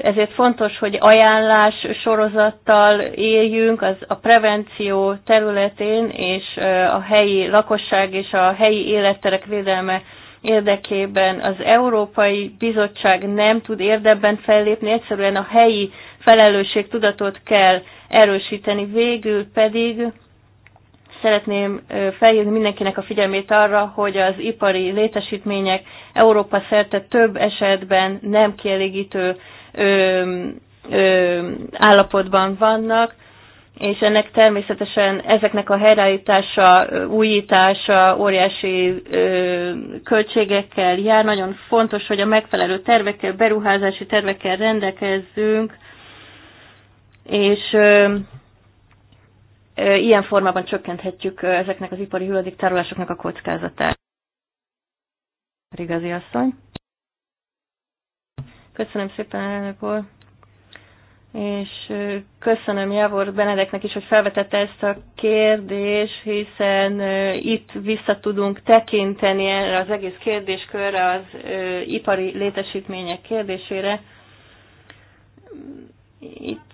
[SPEAKER 5] ezért fontos, hogy ajánlás sorozattal éljünk az a prevenció területén, és a helyi lakosság és a helyi életterek védelme érdekében az Európai Bizottság nem tud érdebben fellépni, egyszerűen a helyi felelősség tudatot kell erősíteni. Végül pedig szeretném felhívni mindenkinek a figyelmét arra, hogy az ipari létesítmények Európa szerte több esetben nem kielégítő ö, ö, állapotban vannak, és ennek természetesen ezeknek a helyreállítása, újítása óriási ö, költségekkel jár. Nagyon fontos, hogy a megfelelő tervekkel, beruházási tervekkel rendelkezzünk, és ö, ilyen formában csökkenthetjük ezeknek az ipari hulladék tárolásoknak a kockázatát. Igazi asszony. Köszönöm szépen, elnök úr. És köszönöm Javor Benedeknek is, hogy felvetette ezt a kérdést, hiszen itt vissza tudunk tekinteni erre az egész kérdéskörre, az ipari létesítmények kérdésére. Itt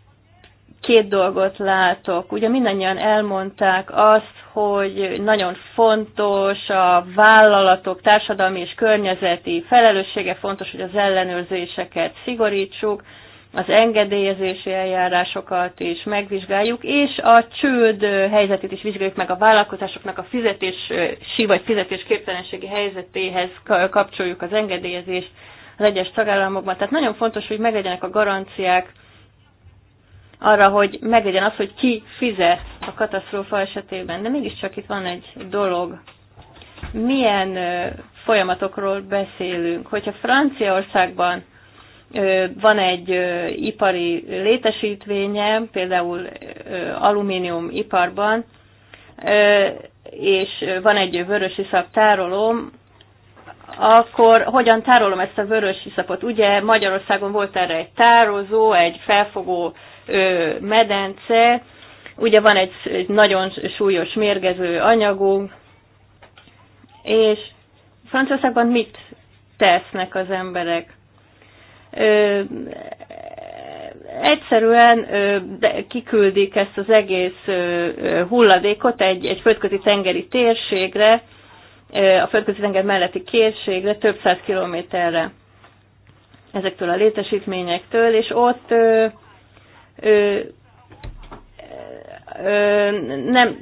[SPEAKER 5] két dolgot látok. Ugye mindannyian elmondták azt, hogy nagyon fontos a vállalatok társadalmi és környezeti felelőssége, fontos, hogy az ellenőrzéseket szigorítsuk, az engedélyezési eljárásokat is megvizsgáljuk, és a csőd helyzetét is vizsgáljuk meg a vállalkozásoknak a fizetési vagy fizetésképtelenségi helyzetéhez kapcsoljuk az engedélyezést az egyes tagállamokban. Tehát nagyon fontos, hogy meglegyenek a garanciák, arra, hogy meglegyen az, hogy ki fizet a katasztrófa esetében. De mégiscsak itt van egy dolog. Milyen folyamatokról beszélünk? Hogyha Franciaországban van egy ipari létesítménye, például alumínium iparban, és van egy vörös iszap tárolóm, akkor hogyan tárolom ezt a vörös iszapot? Ugye Magyarországon volt erre egy tározó, egy felfogó medence, ugye van egy, egy nagyon súlyos mérgező anyagunk, és Franciaországban mit tesznek az emberek? Ö, egyszerűen ö, de kiküldik ezt az egész ö, hulladékot egy, egy földközi tengeri térségre, ö, a földközi tenger melletti térségre több száz kilométerre ezektől a létesítményektől, és ott ö, nem,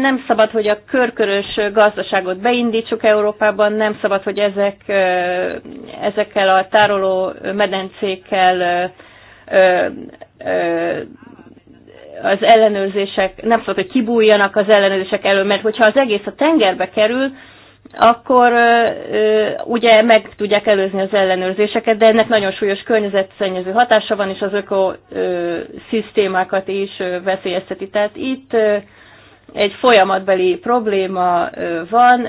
[SPEAKER 5] nem szabad, hogy a körkörös gazdaságot beindítsuk Európában, nem szabad, hogy ezek, ezekkel a tároló medencékkel az ellenőrzések, nem szabad, hogy kibújjanak az ellenőrzések elől, mert hogyha az egész a tengerbe kerül, akkor ugye meg tudják előzni az ellenőrzéseket, de ennek nagyon súlyos környezetszennyező hatása van, és az ökoszisztémákat is veszélyezteti. Tehát itt egy folyamatbeli probléma van,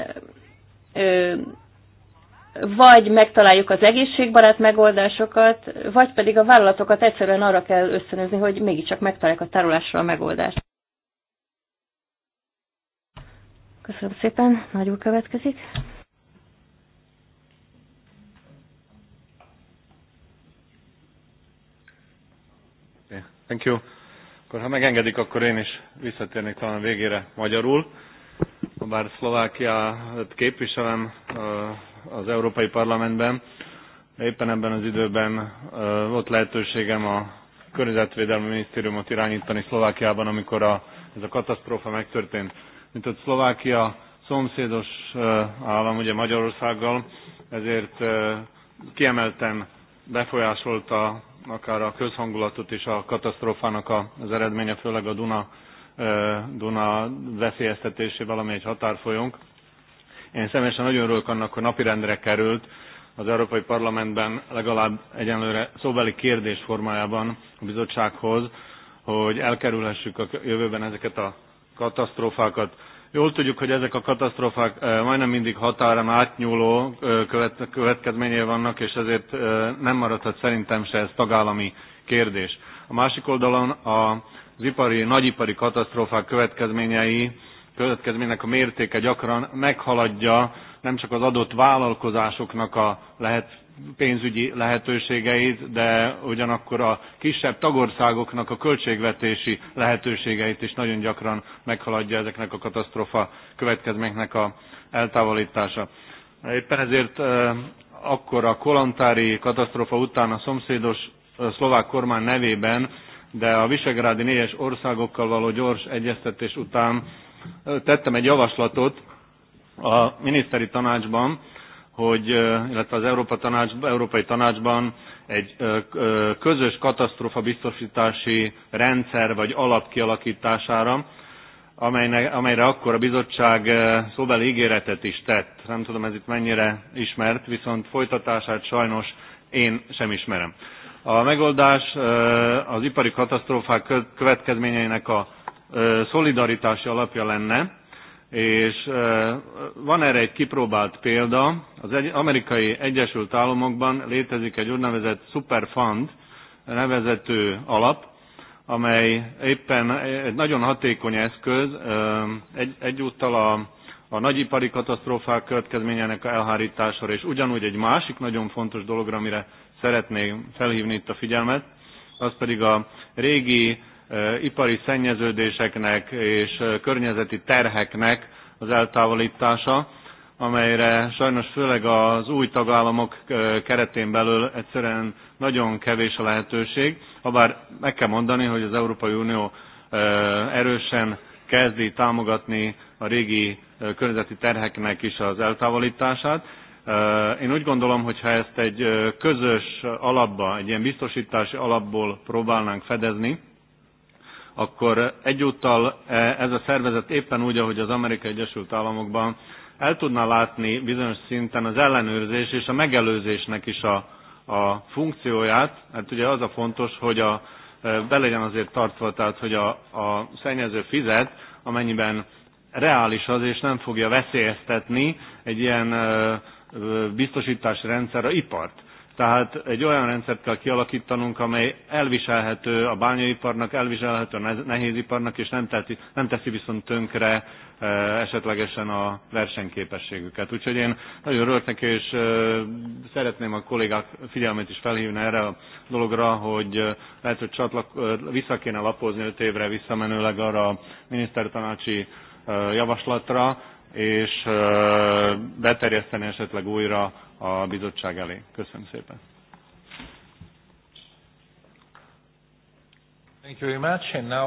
[SPEAKER 5] vagy megtaláljuk az egészségbarát megoldásokat, vagy pedig a vállalatokat egyszerűen arra kell ösztönözni, hogy mégiscsak megtalálják a tárolásra a megoldást. Köszönöm szépen, úr következik.
[SPEAKER 4] thank you. Akkor ha megengedik, akkor én is visszatérnék talán végére magyarul. Bár Szlovákia képviselem az Európai Parlamentben, éppen ebben az időben volt lehetőségem a Környezetvédelmi Minisztériumot irányítani Szlovákiában, amikor a, ez a katasztrófa megtörtént mint ott Szlovákia szomszédos állam, ugye Magyarországgal, ezért kiemelten befolyásolta akár a közhangulatot és a katasztrófának az eredménye, főleg a Duna, Duna veszélyeztetésé ami egy határfolyónk. Én személyesen nagyon örülök annak, hogy napirendre került az Európai Parlamentben legalább egyenlőre szóbeli kérdés formájában a bizottsághoz, hogy elkerülhessük a jövőben ezeket a katasztrófákat. Jól tudjuk, hogy ezek a katasztrófák eh, majdnem mindig határon átnyúló eh, következményei vannak, és ezért eh, nem maradhat szerintem se ez tagállami kérdés. A másik oldalon az ipari, nagyipari katasztrófák következményei, következménynek a mértéke gyakran meghaladja nem csak az adott vállalkozásoknak a lehet pénzügyi lehetőségeit, de ugyanakkor a kisebb tagországoknak a költségvetési lehetőségeit is nagyon gyakran meghaladja ezeknek a katasztrofa következményeknek a eltávolítása. Éppen ezért akkor a kolontári katasztrofa után a szomszédos szlovák kormány nevében, de a visegrádi négyes országokkal való gyors egyeztetés után tettem egy javaslatot a miniszteri tanácsban, hogy, illetve az Európa Tanács, Európai Tanácsban egy közös katasztrófa biztosítási rendszer vagy alap kialakítására, amelyne, amelyre akkor a bizottság szóbeli ígéretet is tett. Nem tudom, ez itt mennyire ismert, viszont folytatását sajnos én sem ismerem. A megoldás az ipari katasztrófák következményeinek a szolidaritási alapja lenne, és van erre egy kipróbált példa. Az amerikai Egyesült Államokban létezik egy úgynevezett Superfund nevezető alap, amely éppen egy nagyon hatékony eszköz, egy, egyúttal a, a nagyipari katasztrófák következményének elhárítására, és ugyanúgy egy másik nagyon fontos dologra, amire szeretnék felhívni itt a figyelmet, az pedig a régi ipari szennyeződéseknek és környezeti terheknek az eltávolítása, amelyre sajnos főleg az új tagállamok keretén belül egyszerűen nagyon kevés a lehetőség, habár meg kell mondani, hogy az Európai Unió erősen kezdi támogatni a régi környezeti terheknek is az eltávolítását. Én úgy gondolom, hogy ha ezt egy közös alapba, egy ilyen biztosítási alapból próbálnánk fedezni, akkor egyúttal e, ez a szervezet éppen úgy, ahogy az Amerikai Egyesült Államokban el tudna látni bizonyos szinten az ellenőrzés és a megelőzésnek is a, a funkcióját. Hát ugye az a fontos, hogy a, e, be legyen azért tartva, tehát hogy a, a szennyező fizet, amennyiben reális az, és nem fogja veszélyeztetni egy ilyen e, biztosítási rendszer a ipart. Tehát egy olyan rendszert kell kialakítanunk, amely elviselhető a bányaiparnak, elviselhető a nehéziparnak, és nem, teszi, nem teszi viszont tönkre e, esetlegesen a versenyképességüket. Úgyhogy én nagyon örülök és e, szeretném a kollégák figyelmét is felhívni erre a dologra, hogy e, lehet, hogy csatlak, vissza kéne lapozni öt évre visszamenőleg arra a minisztertanácsi javaslatra, és beterjeszteni esetleg újra a bizottság elé. Köszönöm szépen.
[SPEAKER 7] Thank you very much, and now...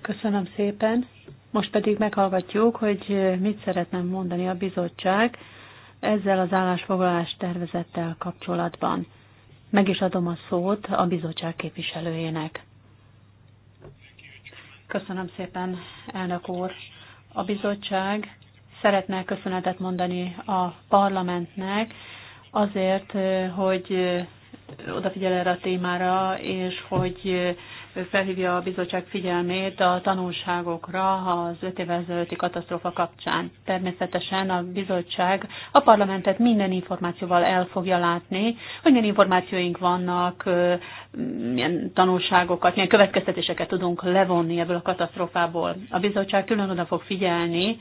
[SPEAKER 6] Köszönöm szépen. Most pedig meghallgatjuk, hogy mit szeretne mondani a bizottság ezzel az állásfoglalás tervezettel kapcsolatban. Meg is adom a szót a bizottság képviselőjének. Köszönöm szépen, elnök úr. A bizottság Szeretne köszönetet mondani a parlamentnek azért, hogy odafigyel erre a témára, és hogy felhívja a bizottság figyelmét a tanulságokra az öt évvel ezelőtti katasztrófa kapcsán. Természetesen a bizottság a parlamentet minden információval el fogja látni, hogy milyen információink vannak, milyen tanulságokat, milyen következtetéseket tudunk levonni ebből a katasztrófából. A bizottság külön oda fog figyelni,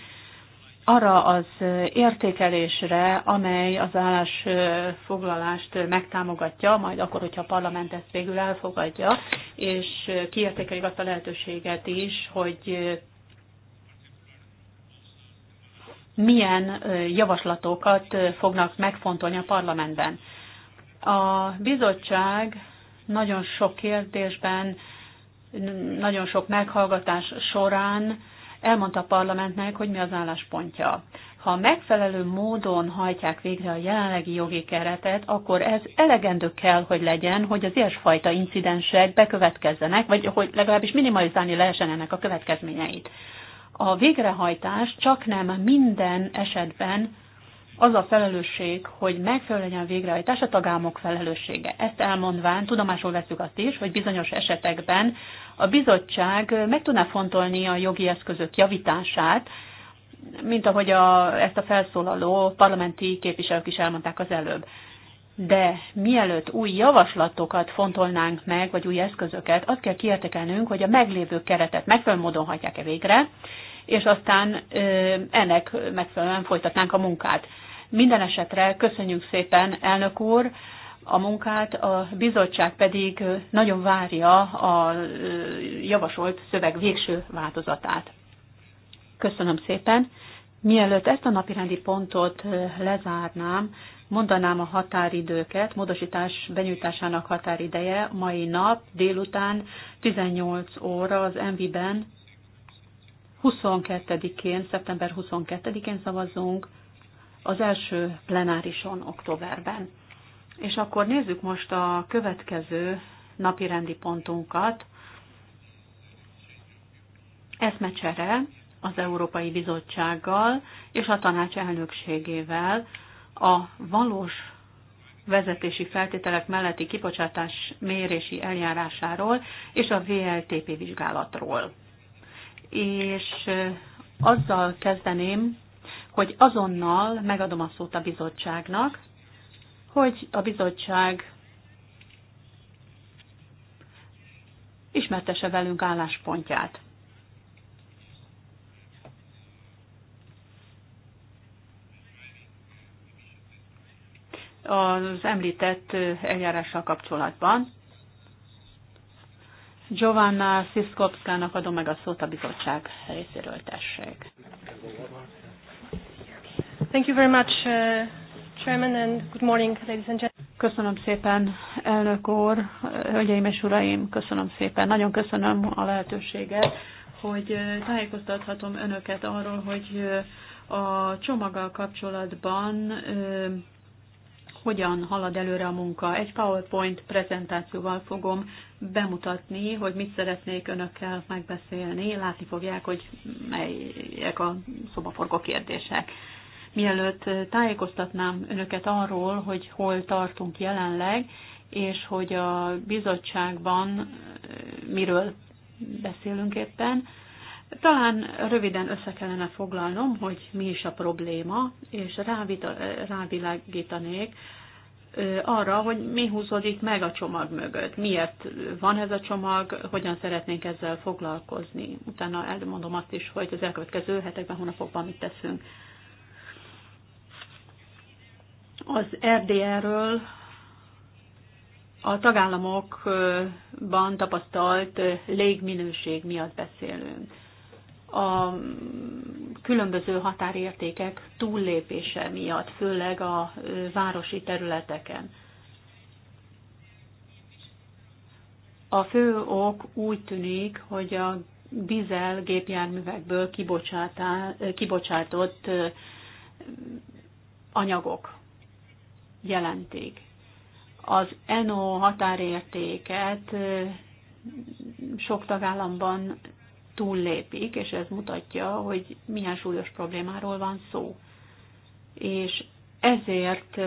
[SPEAKER 6] arra az értékelésre, amely az állásfoglalást megtámogatja, majd akkor, hogyha a parlament ezt végül elfogadja, és kiértékelik azt a lehetőséget is, hogy milyen javaslatokat fognak megfontolni a parlamentben. A bizottság nagyon sok kérdésben, nagyon sok meghallgatás során elmondta a parlamentnek, hogy mi az álláspontja. Ha megfelelő módon hajtják végre a jelenlegi jogi keretet, akkor ez elegendő kell, hogy legyen, hogy az ilyesfajta incidensek bekövetkezzenek, vagy hogy legalábbis minimalizálni lehessen ennek a következményeit. A végrehajtás csak nem minden esetben az a felelősség, hogy megfelelő legyen a végrehajtás, a tagállamok felelőssége. Ezt elmondván tudomásul veszük azt is, hogy bizonyos esetekben a bizottság meg tudná fontolni a jogi eszközök javítását, mint ahogy a, ezt a felszólaló parlamenti képviselők is elmondták az előbb. De mielőtt új javaslatokat fontolnánk meg, vagy új eszközöket, azt kell kiértekelnünk, hogy a meglévő keretet megfelelő módon hajtják-e végre, és aztán ennek megfelelően folytatnánk a munkát. Minden esetre köszönjük szépen, elnök úr, a munkát, a bizottság pedig nagyon várja a javasolt szöveg végső változatát. Köszönöm szépen. Mielőtt ezt a napirendi pontot lezárnám, mondanám a határidőket, módosítás benyújtásának határideje mai nap délután 18 óra az MV-ben, 22-én, szeptember 22-én szavazunk, az első plenárison októberben. És akkor nézzük most a következő napi rendi pontunkat. Eszmecsere az Európai Bizottsággal és a tanács elnökségével a valós vezetési feltételek melletti kibocsátás mérési eljárásáról és a VLTP vizsgálatról. És azzal kezdeném, hogy azonnal megadom a szót a bizottságnak, hogy a bizottság ismertese velünk álláspontját. Az említett eljárással kapcsolatban. Giovanna Sziszkopszkának adom meg a szót a bizottság részéről tessék. Thank you very much, uh, Chairman, and good morning, ladies and gentlemen. Köszönöm szépen, elnök úr, hölgyeim és uraim, köszönöm szépen. Nagyon köszönöm a lehetőséget, hogy uh, tájékoztathatom önöket arról, hogy uh, a csomaggal kapcsolatban uh, hogyan halad előre a munka. Egy PowerPoint prezentációval fogom bemutatni, hogy mit szeretnék önökkel megbeszélni. Látni fogják, hogy melyek a szobaforgó kérdések mielőtt tájékoztatnám önöket arról, hogy hol tartunk jelenleg, és hogy a bizottságban miről beszélünk éppen, talán röviden össze kellene foglalnom, hogy mi is a probléma, és rávilágítanék arra, hogy mi húzódik meg a csomag mögött, miért van ez a csomag, hogyan szeretnénk ezzel foglalkozni. Utána elmondom azt is, hogy az elkövetkező hetekben, hónapokban mit teszünk. Az RDR-ről a tagállamokban tapasztalt légminőség miatt beszélünk. A különböző határértékek túllépése miatt, főleg a városi területeken. A fő ok úgy tűnik, hogy a bizel gépjárművekből kibocsátott anyagok jelentik. Az NO határértéket sok tagállamban túllépik, és ez mutatja, hogy milyen súlyos problémáról van szó. És ezért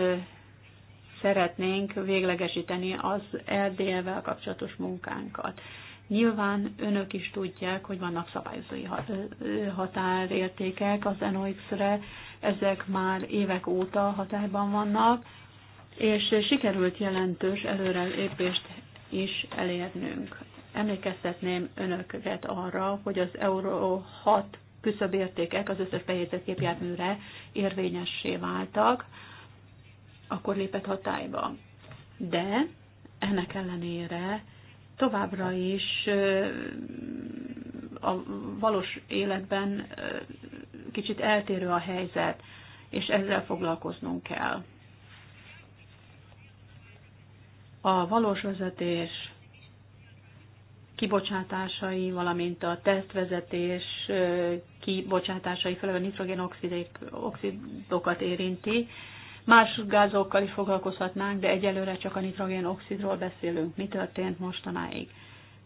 [SPEAKER 6] szeretnénk véglegesíteni az ldl vel kapcsolatos munkánkat. Nyilván önök is tudják, hogy vannak szabályozói határértékek az NOx-re, ezek már évek óta hatályban vannak, és sikerült jelentős előrelépést is elérnünk. Emlékeztetném önöket arra, hogy az Euró 6 küszöbértékek az összes bejegyzett képjárműre érvényessé váltak, akkor lépett hatályba. De ennek ellenére továbbra is a valós életben kicsit eltérő a helyzet, és ezzel foglalkoznunk kell. a valós vezetés kibocsátásai, valamint a tesztvezetés kibocsátásai, főleg a nitrogénoxidokat érinti. Más gázokkal is foglalkozhatnánk, de egyelőre csak a nitrogénoxidról beszélünk. Mi történt mostanáig?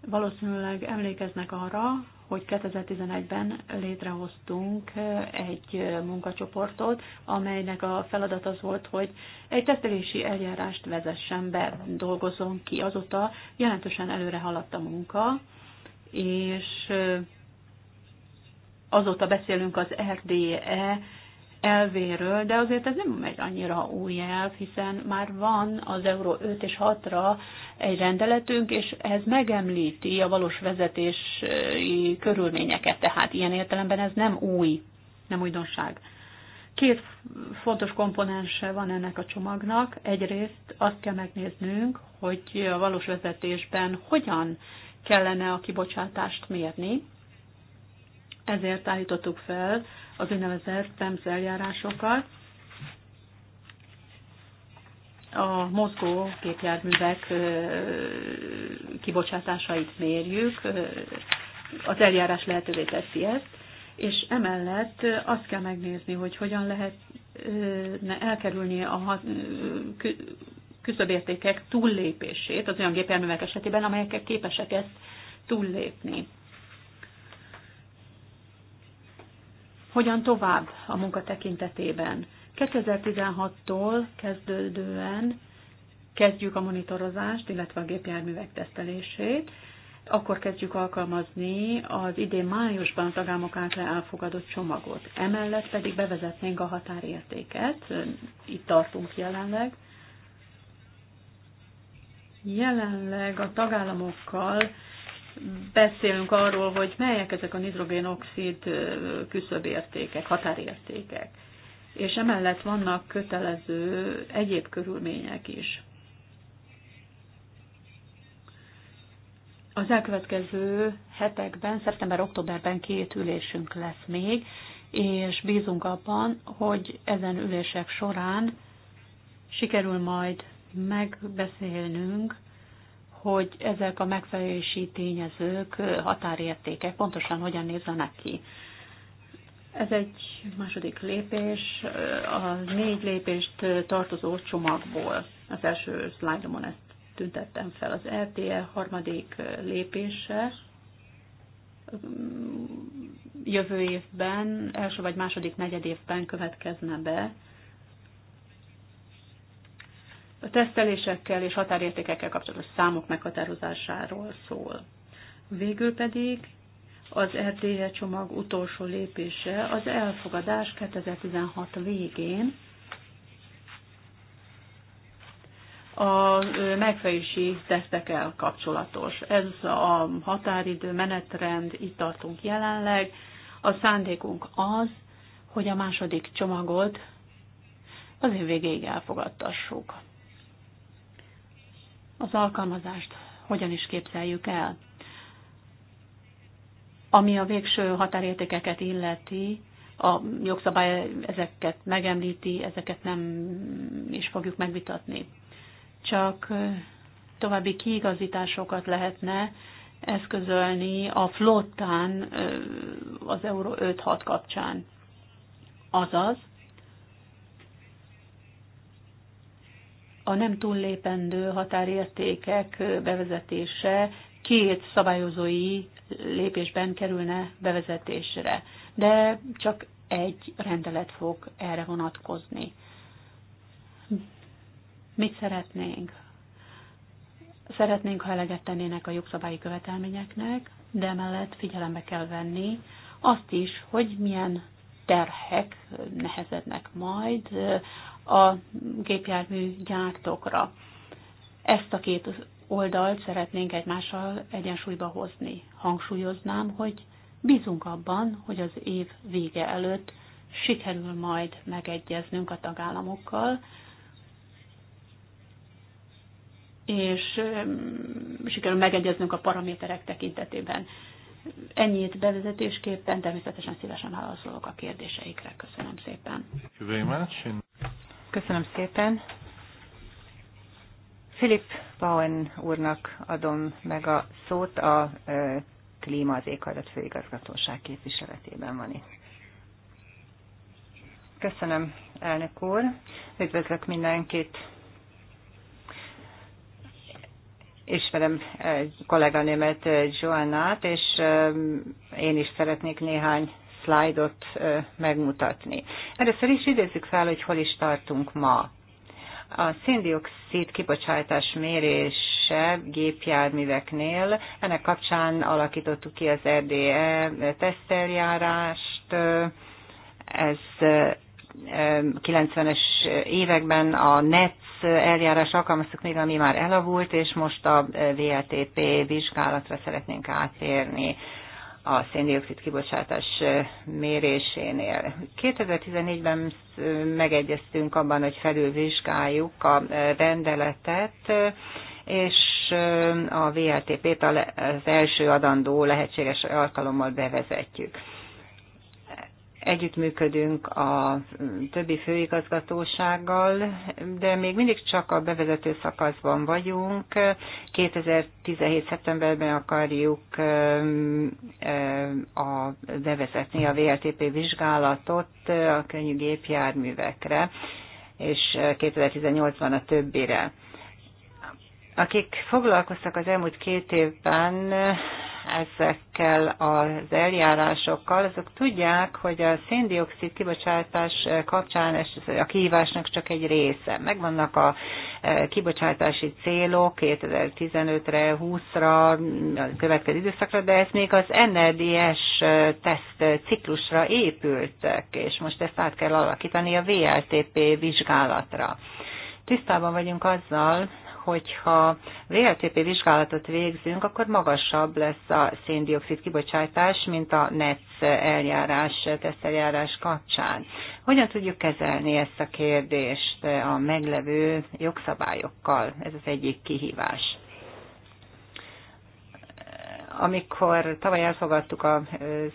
[SPEAKER 6] Valószínűleg emlékeznek arra, hogy 2011-ben létrehoztunk egy munkacsoportot, amelynek a feladat az volt, hogy egy tesztelési eljárást vezessen be, dolgozom ki. Azóta jelentősen előre haladt a munka, és azóta beszélünk az RDE elvéről, de azért ez nem egy annyira új elv, hiszen már van az euró 5 és 6-ra egy rendeletünk, és ez megemlíti a valós vezetési körülményeket, tehát ilyen értelemben ez nem új, nem újdonság. Két fontos komponense van ennek a csomagnak. Egyrészt azt kell megnéznünk, hogy a valós vezetésben hogyan kellene a kibocsátást mérni. Ezért állítottuk fel az úgynevezett TEMSZ eljárásokat a mozgó képjárművek kibocsátásait mérjük, az eljárás lehetővé teszi ezt, és emellett azt kell megnézni, hogy hogyan lehet elkerülni a küszöbértékek túllépését az olyan gépjárművek esetében, amelyek képesek ezt túllépni. Hogyan tovább a munka tekintetében? 2016-tól kezdődően kezdjük a monitorozást, illetve a gépjárművek tesztelését, akkor kezdjük alkalmazni az idén májusban a tagállamok által elfogadott csomagot. Emellett pedig bevezetnénk a határértéket, itt tartunk jelenleg. Jelenleg a tagállamokkal beszélünk arról, hogy melyek ezek a nitrogénoxid küszöbértékek, határértékek. És emellett vannak kötelező egyéb körülmények is. Az elkövetkező hetekben, szeptember-októberben két ülésünk lesz még, és bízunk abban, hogy ezen ülések során sikerül majd megbeszélnünk hogy ezek a megfelelési tényezők, határértékek pontosan hogyan nézzenek ki. Ez egy második lépés, a négy lépést tartozó csomagból. Az első szlájdomon ezt tüntettem fel. Az RTE harmadik lépése jövő évben, első vagy második negyed évben következne be, a tesztelésekkel és határértékekkel kapcsolatos számok meghatározásáról szól. Végül pedig az RTE csomag utolsó lépése az elfogadás 2016 végén a megfejési tesztekkel kapcsolatos. Ez a határidő, menetrend, itt tartunk jelenleg. A szándékunk az, hogy a második csomagot az év végéig elfogadtassuk az alkalmazást hogyan is képzeljük el. Ami a végső határértékeket illeti, a jogszabály ezeket megemlíti, ezeket nem is fogjuk megvitatni. Csak további kiigazításokat lehetne eszközölni a flottán az Euró 5-6 kapcsán. Azaz, a nem túllépendő határértékek bevezetése két szabályozói lépésben kerülne bevezetésre, de csak egy rendelet fog erre vonatkozni. Mit szeretnénk? Szeretnénk, ha eleget tennének a jogszabályi követelményeknek, de emellett figyelembe kell venni azt is, hogy milyen terhek nehezednek majd a gépjármű gyártókra. Ezt a két oldalt szeretnénk egymással egyensúlyba hozni. Hangsúlyoznám, hogy bízunk abban, hogy az év vége előtt sikerül majd megegyeznünk a tagállamokkal, és mm, sikerül megegyeznünk a paraméterek tekintetében. Ennyit bevezetésképpen, természetesen
[SPEAKER 3] szívesen válaszolok a kérdéseikre. Köszönöm szépen. Köszönöm szépen. Philip Bowen úrnak adom meg a szót, a klíma az éghajlat főigazgatóság képviseletében van itt. Köszönöm, elnök úr. Üdvözlök mindenkit. Ismerem eh, kolléganőmet eh, Joannát, és eh, én is szeretnék néhány szlájdot megmutatni. Először is idézzük fel, hogy hol is tartunk ma. A széndiokszid kibocsátás mérése gépjárműveknél, ennek kapcsán alakítottuk ki az RDE teszteljárást, ez 90-es években a NETS eljárás alkalmaztuk még, ami már elavult, és most a VLTP vizsgálatra szeretnénk átérni a széndiokszid kibocsátás mérésénél. 2014-ben megegyeztünk abban, hogy felülvizsgáljuk a rendeletet, és a VLTP-t az első adandó lehetséges alkalommal bevezetjük együttműködünk a többi főigazgatósággal, de még mindig csak a bevezető szakaszban vagyunk. 2017. szeptemberben akarjuk a, bevezetni a VLTP vizsgálatot a könnyű gépjárművekre, és 2018-ban a többire. Akik foglalkoztak az elmúlt két évben ezekkel az eljárásokkal, azok tudják, hogy a széndiokszid kibocsátás kapcsán ez a kihívásnak csak egy része. Megvannak a e, kibocsátási célok 2015-re, 20-ra, a következő időszakra, de ez még az NRDS e teszt ciklusra épültek, és most ezt át kell alakítani a VLTP vizsgálatra. Tisztában vagyunk azzal, hogyha VLTP vizsgálatot végzünk, akkor magasabb lesz a széndiokszid kibocsátás, mint a NETS eljárás, eljárás kapcsán. Hogyan tudjuk kezelni ezt a kérdést a meglevő jogszabályokkal? Ez az egyik kihívás. Amikor tavaly elfogadtuk a,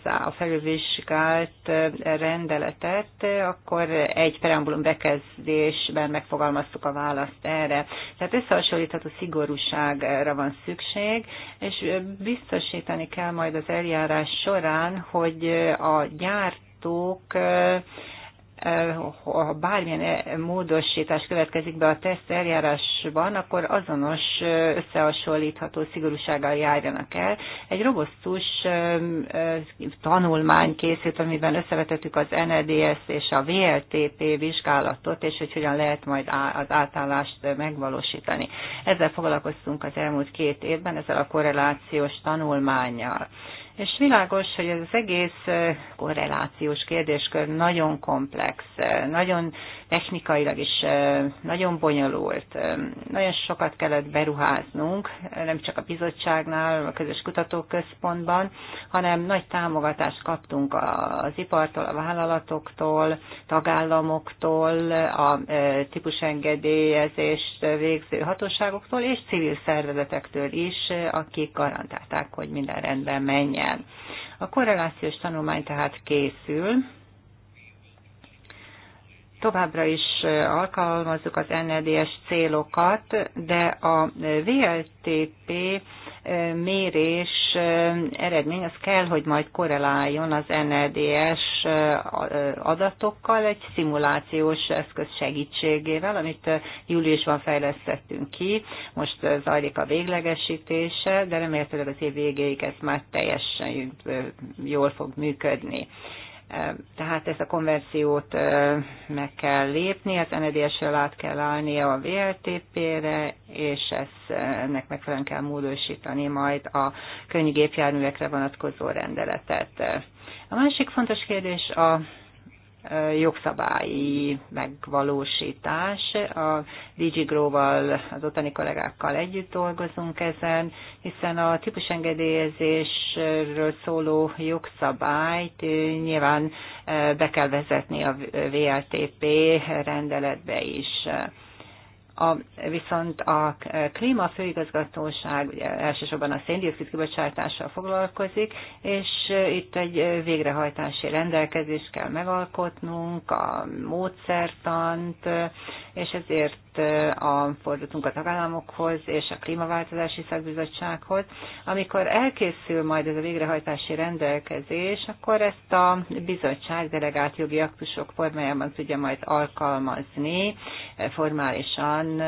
[SPEAKER 3] a felülvizsgált rendeletet, akkor egy preambulum bekezdésben megfogalmaztuk a választ erre. Tehát összehasonlítható szigorúságra van szükség, és biztosítani kell majd az eljárás során, hogy a gyártók ha bármilyen módosítás következik be a teszt eljárásban, akkor azonos összehasonlítható szigorúsággal járjanak el. Egy robosztus tanulmány készült, amiben összevetettük az NEDS és a VLTP vizsgálatot, és hogy hogyan lehet majd az átállást megvalósítani. Ezzel foglalkoztunk az elmúlt két évben, ezzel a korrelációs tanulmányjal. És világos, hogy ez az egész korrelációs kérdéskör nagyon komplex, nagyon technikailag is nagyon bonyolult. Nagyon sokat kellett beruháznunk, nem csak a bizottságnál, a közös kutatóközpontban, hanem nagy támogatást kaptunk az ipartól, a vállalatoktól, tagállamoktól, a típusengedélyezést végző hatóságoktól és civil szervezetektől is, akik garantálták, hogy minden rendben menjen helyen. A korrelációs tanulmány tehát készül, továbbra is alkalmazzuk az NLDS e célokat, de a VLTP mérés eredmény az kell, hogy majd korreláljon az NLDS e adatokkal egy szimulációs eszköz segítségével, amit júliusban fejlesztettünk ki. Most zajlik a véglegesítése, de remélhetőleg az év végéig ez már teljesen jól fog működni. Tehát ezt a konverziót meg kell lépni, az NDS-ről e át kell állni a VLTP-re, és ezt, ennek megfelelően kell módosítani majd a könnyű gépjárművekre vonatkozó rendeletet. A másik fontos kérdés a jogszabályi megvalósítás. A DigiGrow-val, az ottani kollégákkal együtt dolgozunk ezen, hiszen a típusengedélyezésről szóló jogszabályt nyilván be kell vezetni a VLTP rendeletbe is. A, viszont a klímafőigazgatóság ugye elsősorban a széndiokszid kibocsátással foglalkozik, és itt egy végrehajtási rendelkezést kell megalkotnunk, a módszertant, és ezért a, fordultunk a tagállamokhoz és a Klímaváltozási Szakbizottsághoz. Amikor elkészül majd ez a végrehajtási rendelkezés, akkor ezt a bizottság delegált jogi aktusok formájában tudja majd alkalmazni e, formálisan,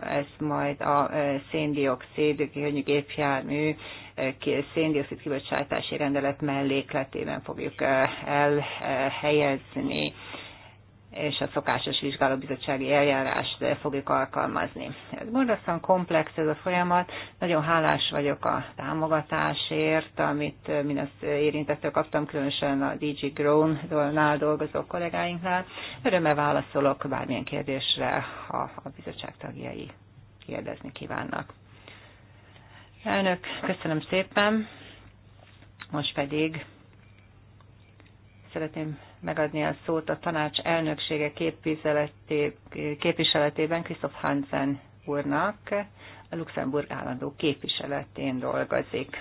[SPEAKER 3] ez majd a e, széndiokszid, hogy gépjármű e, széndiokszid kibocsátási rendelet mellékletében fogjuk elhelyezni. El és a szokásos vizsgálóbizottsági eljárást fogjuk alkalmazni. Ez borzasztóan komplex ez a folyamat, nagyon hálás vagyok a támogatásért, amit mindezt érintettől kaptam, különösen a DG Grown-nál dolgozó kollégáinknál. Örömmel válaszolok bármilyen kérdésre, ha a bizottság tagjai kérdezni kívánnak. Elnök, köszönöm szépen. Most pedig szeretném megadni a szót a tanács elnöksége képviseletében Christoph Hansen úrnak, a Luxemburg állandó képviseletén dolgozik.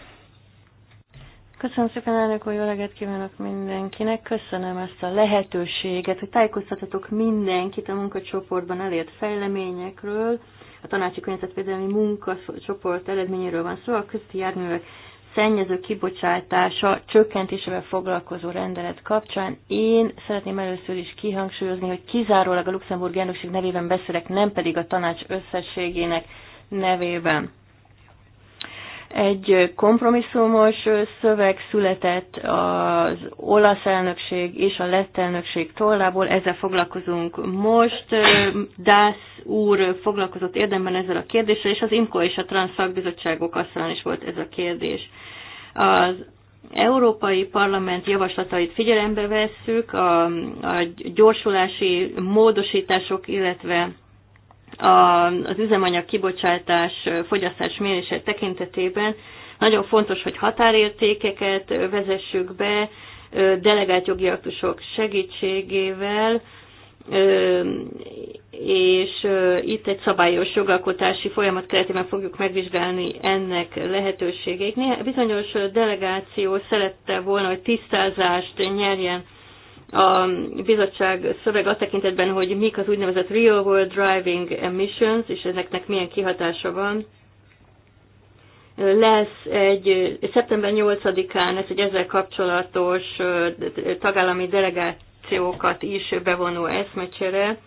[SPEAKER 5] Köszönöm szépen, elnök úr, jó reggelt kívánok mindenkinek. Köszönöm ezt a lehetőséget, hogy tájékoztathatok mindenkit a munkacsoportban elért fejleményekről. A tanácsi környezetvédelmi munkacsoport eredményéről van szó, a közti járművek szennyező kibocsátása csökkentésével foglalkozó rendelet kapcsán. Én szeretném először is kihangsúlyozni, hogy kizárólag a Luxemburg elnökség nevében beszélek, nem pedig a tanács összességének nevében. Egy kompromisszumos szöveg született az olasz elnökség és a lett elnökség tollából, ezzel foglalkozunk most. Dász úr foglalkozott érdemben ezzel a kérdéssel, és az IMCO és a Transzakbizottságok asztalán is volt ez a kérdés. Az Európai Parlament javaslatait figyelembe vesszük, a, a gyorsulási módosítások, illetve a, az üzemanyag kibocsátás fogyasztás mérése tekintetében nagyon fontos, hogy határértékeket vezessük be delegált jogi aktusok segítségével, és itt egy szabályos jogalkotási folyamat keretében fogjuk megvizsgálni ennek lehetőségeit. Bizonyos delegáció szerette volna, hogy tisztázást nyerjen a bizottság szöveg a tekintetben, hogy mik az úgynevezett real world driving emissions, és ezeknek milyen kihatása van. Lesz egy, szeptember 8-án ez egy ezzel kapcsolatos tagállami delegációkat is bevonó eszmecsere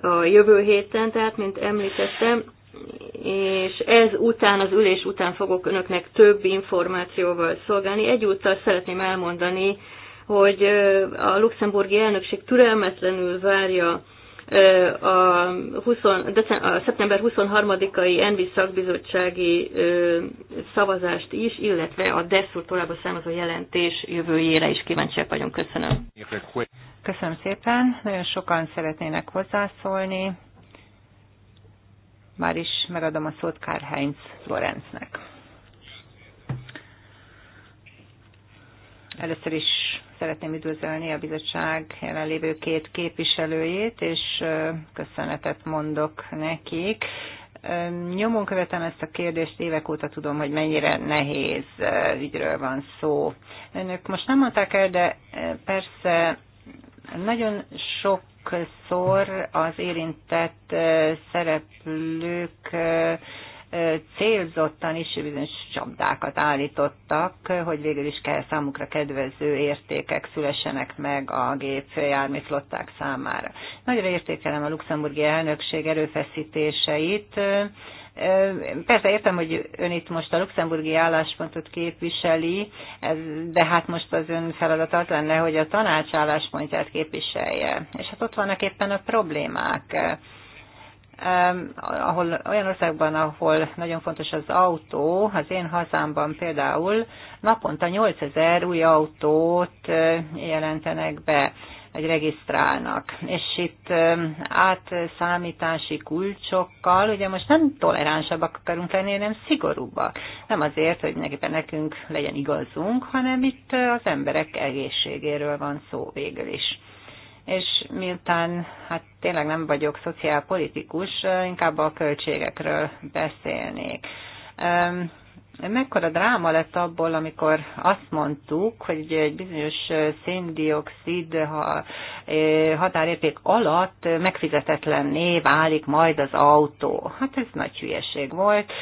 [SPEAKER 5] a jövő héten, tehát mint említettem, és ez után, az ülés után fogok önöknek több információval szolgálni. Egyúttal szeretném elmondani hogy a luxemburgi elnökség türelmetlenül várja a, 20, a szeptember 23-ai ENVI szakbizottsági szavazást is, illetve a DESZUR továbbá származó jelentés jövőjére is kíváncsiak vagyunk. Köszönöm. Köszönöm szépen. Nagyon sokan szeretnének
[SPEAKER 3] hozzászólni. Már is megadom a szót Karl-Heinz Lorenznek. Először is Szeretném üdvözölni a bizottság jelenlévő két képviselőjét, és köszönetet mondok nekik. Nyomon követem ezt a kérdést, évek óta tudom, hogy mennyire nehéz ügyről van szó. Önök most nem mondták el, de persze nagyon sokszor az érintett szereplők célzottan is bizonyos csapdákat állítottak, hogy végül is kell számukra kedvező értékek szülessenek meg a gép járműflották számára. Nagyra értékelem a luxemburgi elnökség erőfeszítéseit, Persze értem, hogy ön itt most a luxemburgi álláspontot képviseli, de hát most az ön feladata az lenne, hogy a tanács álláspontját képviselje. És hát ott vannak éppen a problémák ahol olyan országban, ahol nagyon fontos az autó, az én hazámban például naponta 8000 új autót jelentenek be, vagy regisztrálnak. És itt átszámítási kulcsokkal, ugye most nem toleránsabbak akarunk lenni, hanem szigorúbbak. Nem azért, hogy nekünk legyen igazunk, hanem itt az emberek egészségéről van szó végül is és miután hát tényleg nem vagyok szociálpolitikus, inkább a költségekről beszélnék. Mekkora dráma lett abból, amikor azt mondtuk, hogy egy bizonyos széndiokszid eh, határérték alatt megfizetetlenné válik majd az autó. Hát ez nagy hülyeség volt.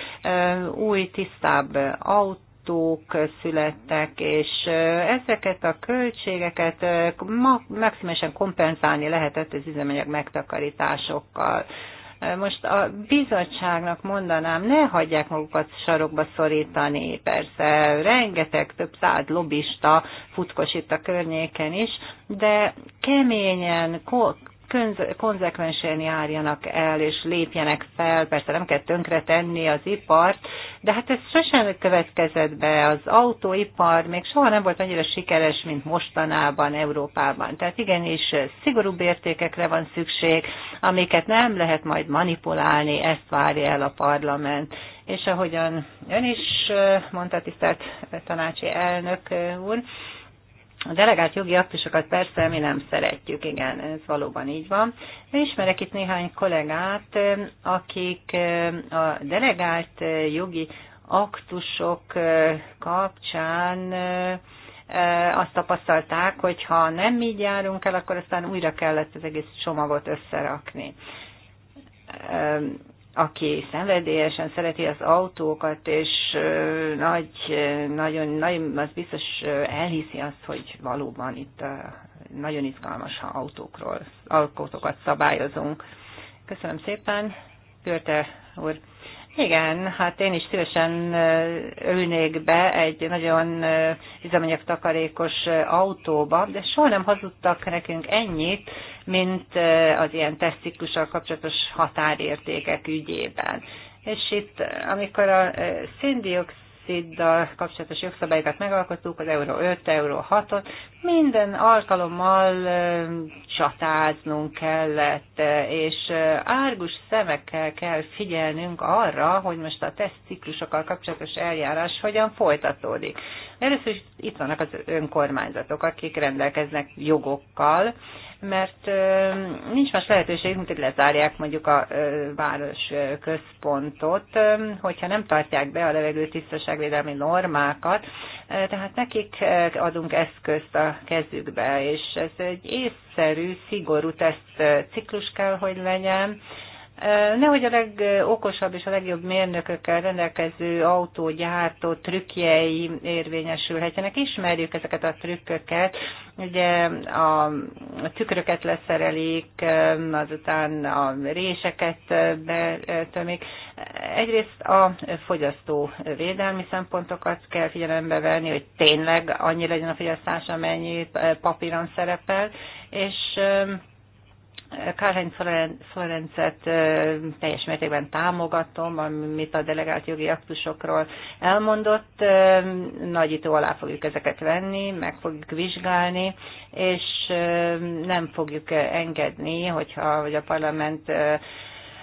[SPEAKER 3] Új, tisztább autó, autók születtek, és ezeket a költségeket ma maximálisan kompenzálni lehetett az üzemanyag megtakarításokkal. Most a bizottságnak mondanám, ne hagyják magukat sarokba szorítani, persze rengeteg, több száz lobista futkos itt a környéken is, de keményen, konzekvensen járjanak el, és lépjenek fel, persze nem kell tönkre tenni az ipart, de hát ez sosem következett be, az autóipar még soha nem volt annyira sikeres, mint mostanában Európában. Tehát igenis szigorúbb értékekre van szükség, amiket nem lehet majd manipulálni, ezt várja el a parlament. És ahogyan ön is eh, mondta, tisztelt tanácsi elnök eh, úr, a delegált jogi aktusokat persze mi nem szeretjük, igen, ez valóban így van. Én ismerek itt néhány kollégát, akik eh, a delegált eh, jogi aktusok eh, kapcsán azt tapasztalták, hogy ha nem így járunk el, akkor aztán újra kellett az egész csomagot összerakni aki szenvedélyesen szereti az autókat, és nagy, nagyon, nagyon, az biztos elhiszi azt, hogy valóban itt nagyon izgalmas, ha autókról, alkotókat szabályozunk. Köszönöm szépen, Görte úr. Igen, hát én is szívesen ülnék be egy nagyon takarékos autóba, de soha nem hazudtak nekünk ennyit, mint az ilyen tesztikussal kapcsolatos határértékek ügyében. És itt, amikor a széndiokszid dioxiddal kapcsolatos jogszabályokat megalkottuk, az euró 5, euró 6-ot, minden alkalommal csatáznunk kellett, és árgus szemekkel kell figyelnünk arra, hogy most a tesztciklusokkal kapcsolatos eljárás hogyan folytatódik. Először is itt vannak az önkormányzatok, akik rendelkeznek jogokkal, mert nincs más lehetőség, mint hogy lezárják mondjuk a város központot, hogyha nem tartják be a levegő tisztaságvédelmi normákat, tehát nekik adunk eszközt a kezükbe, és ez egy észszerű, szigorú teszt ciklus kell, hogy legyen, Nehogy a legokosabb és a legjobb mérnökökkel rendelkező autógyártó trükkjei érvényesülhetjenek. Ismerjük ezeket a trükköket, ugye a tükröket leszerelik, azután a réseket betömik. Egyrészt a fogyasztó védelmi szempontokat kell figyelembe venni, hogy tényleg annyi legyen a fogyasztás, amennyi papíron szerepel, és Kárhány Szlorencet teljes mértékben támogatom, amit a delegált jogi aktusokról elmondott. Nagyító alá fogjuk ezeket venni, meg fogjuk vizsgálni, és nem fogjuk engedni, hogyha hogy a parlament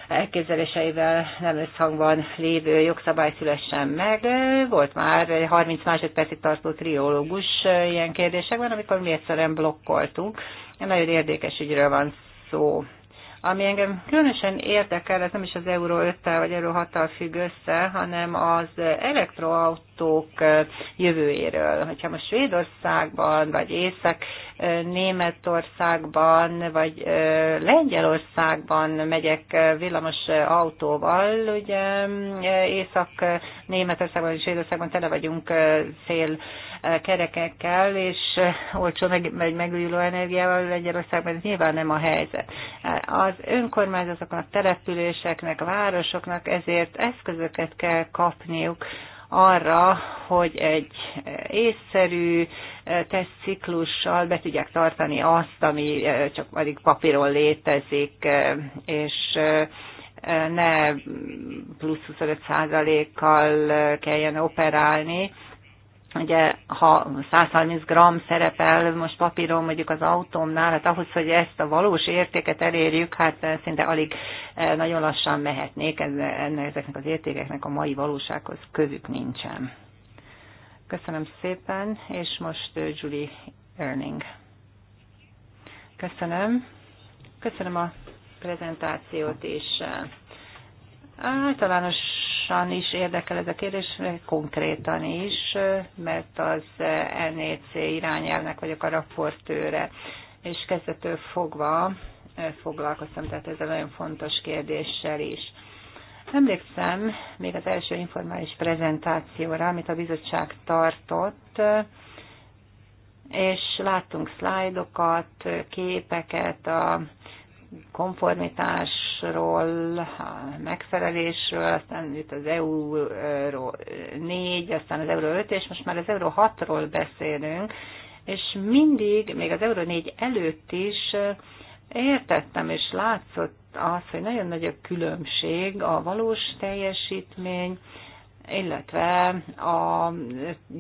[SPEAKER 3] elképzeléseivel nem összhangban lévő jogszabály szülessen meg. Volt már 30 másodpercig tartó triológus ilyen kérdésekben, amikor mi egyszerűen blokkoltunk. Nagyon érdekes ügyről van szó. Ami engem különösen érdekel, ez nem is az Euró 5-tel vagy Euró 6-tal függ össze, hanem az elektroautók jövőjéről. Hogyha most Svédországban, vagy Észak-Németországban, vagy Lengyelországban megyek villamos autóval, ugye Észak-Németországban és Svédországban tele vagyunk szél kerekekkel és olcsó meg, meg megújuló energiával Lengyelországban ez nyilván nem a helyzet. Az önkormányzatoknak, településeknek, városoknak ezért eszközöket kell kapniuk, arra, hogy egy észszerű tesztciklussal be tudják tartani azt, ami csak addig papíron létezik, és ne plusz 25%-kal kelljen operálni, ugye ha 130 g szerepel most papíron mondjuk az autómnál, hát ahhoz, hogy ezt a valós értéket elérjük, hát eh, szinte alig eh, nagyon lassan mehetnék, ennek, ezeknek az értékeknek a mai valósághoz közük nincsen. Köszönöm szépen, és most eh, Julie Erning. Köszönöm. Köszönöm a prezentációt is. Általános formálisan is érdekel ez a kérdés, konkrétan is, mert az NEC irányelnek vagyok a raportőre, és kezdetől fogva e, foglalkoztam, tehát ez egy nagyon fontos kérdéssel is. Emlékszem még az első informális prezentációra, amit a bizottság tartott, és láttunk szlájdokat, képeket a konformitás megvalósításról, a megfelelésről, aztán itt az euró 4, aztán az euró 5, és most már az euró 6-ról beszélünk, és mindig, még az euró 4 előtt is értettem és látszott az, hogy nagyon nagy a különbség a valós teljesítmény, illetve a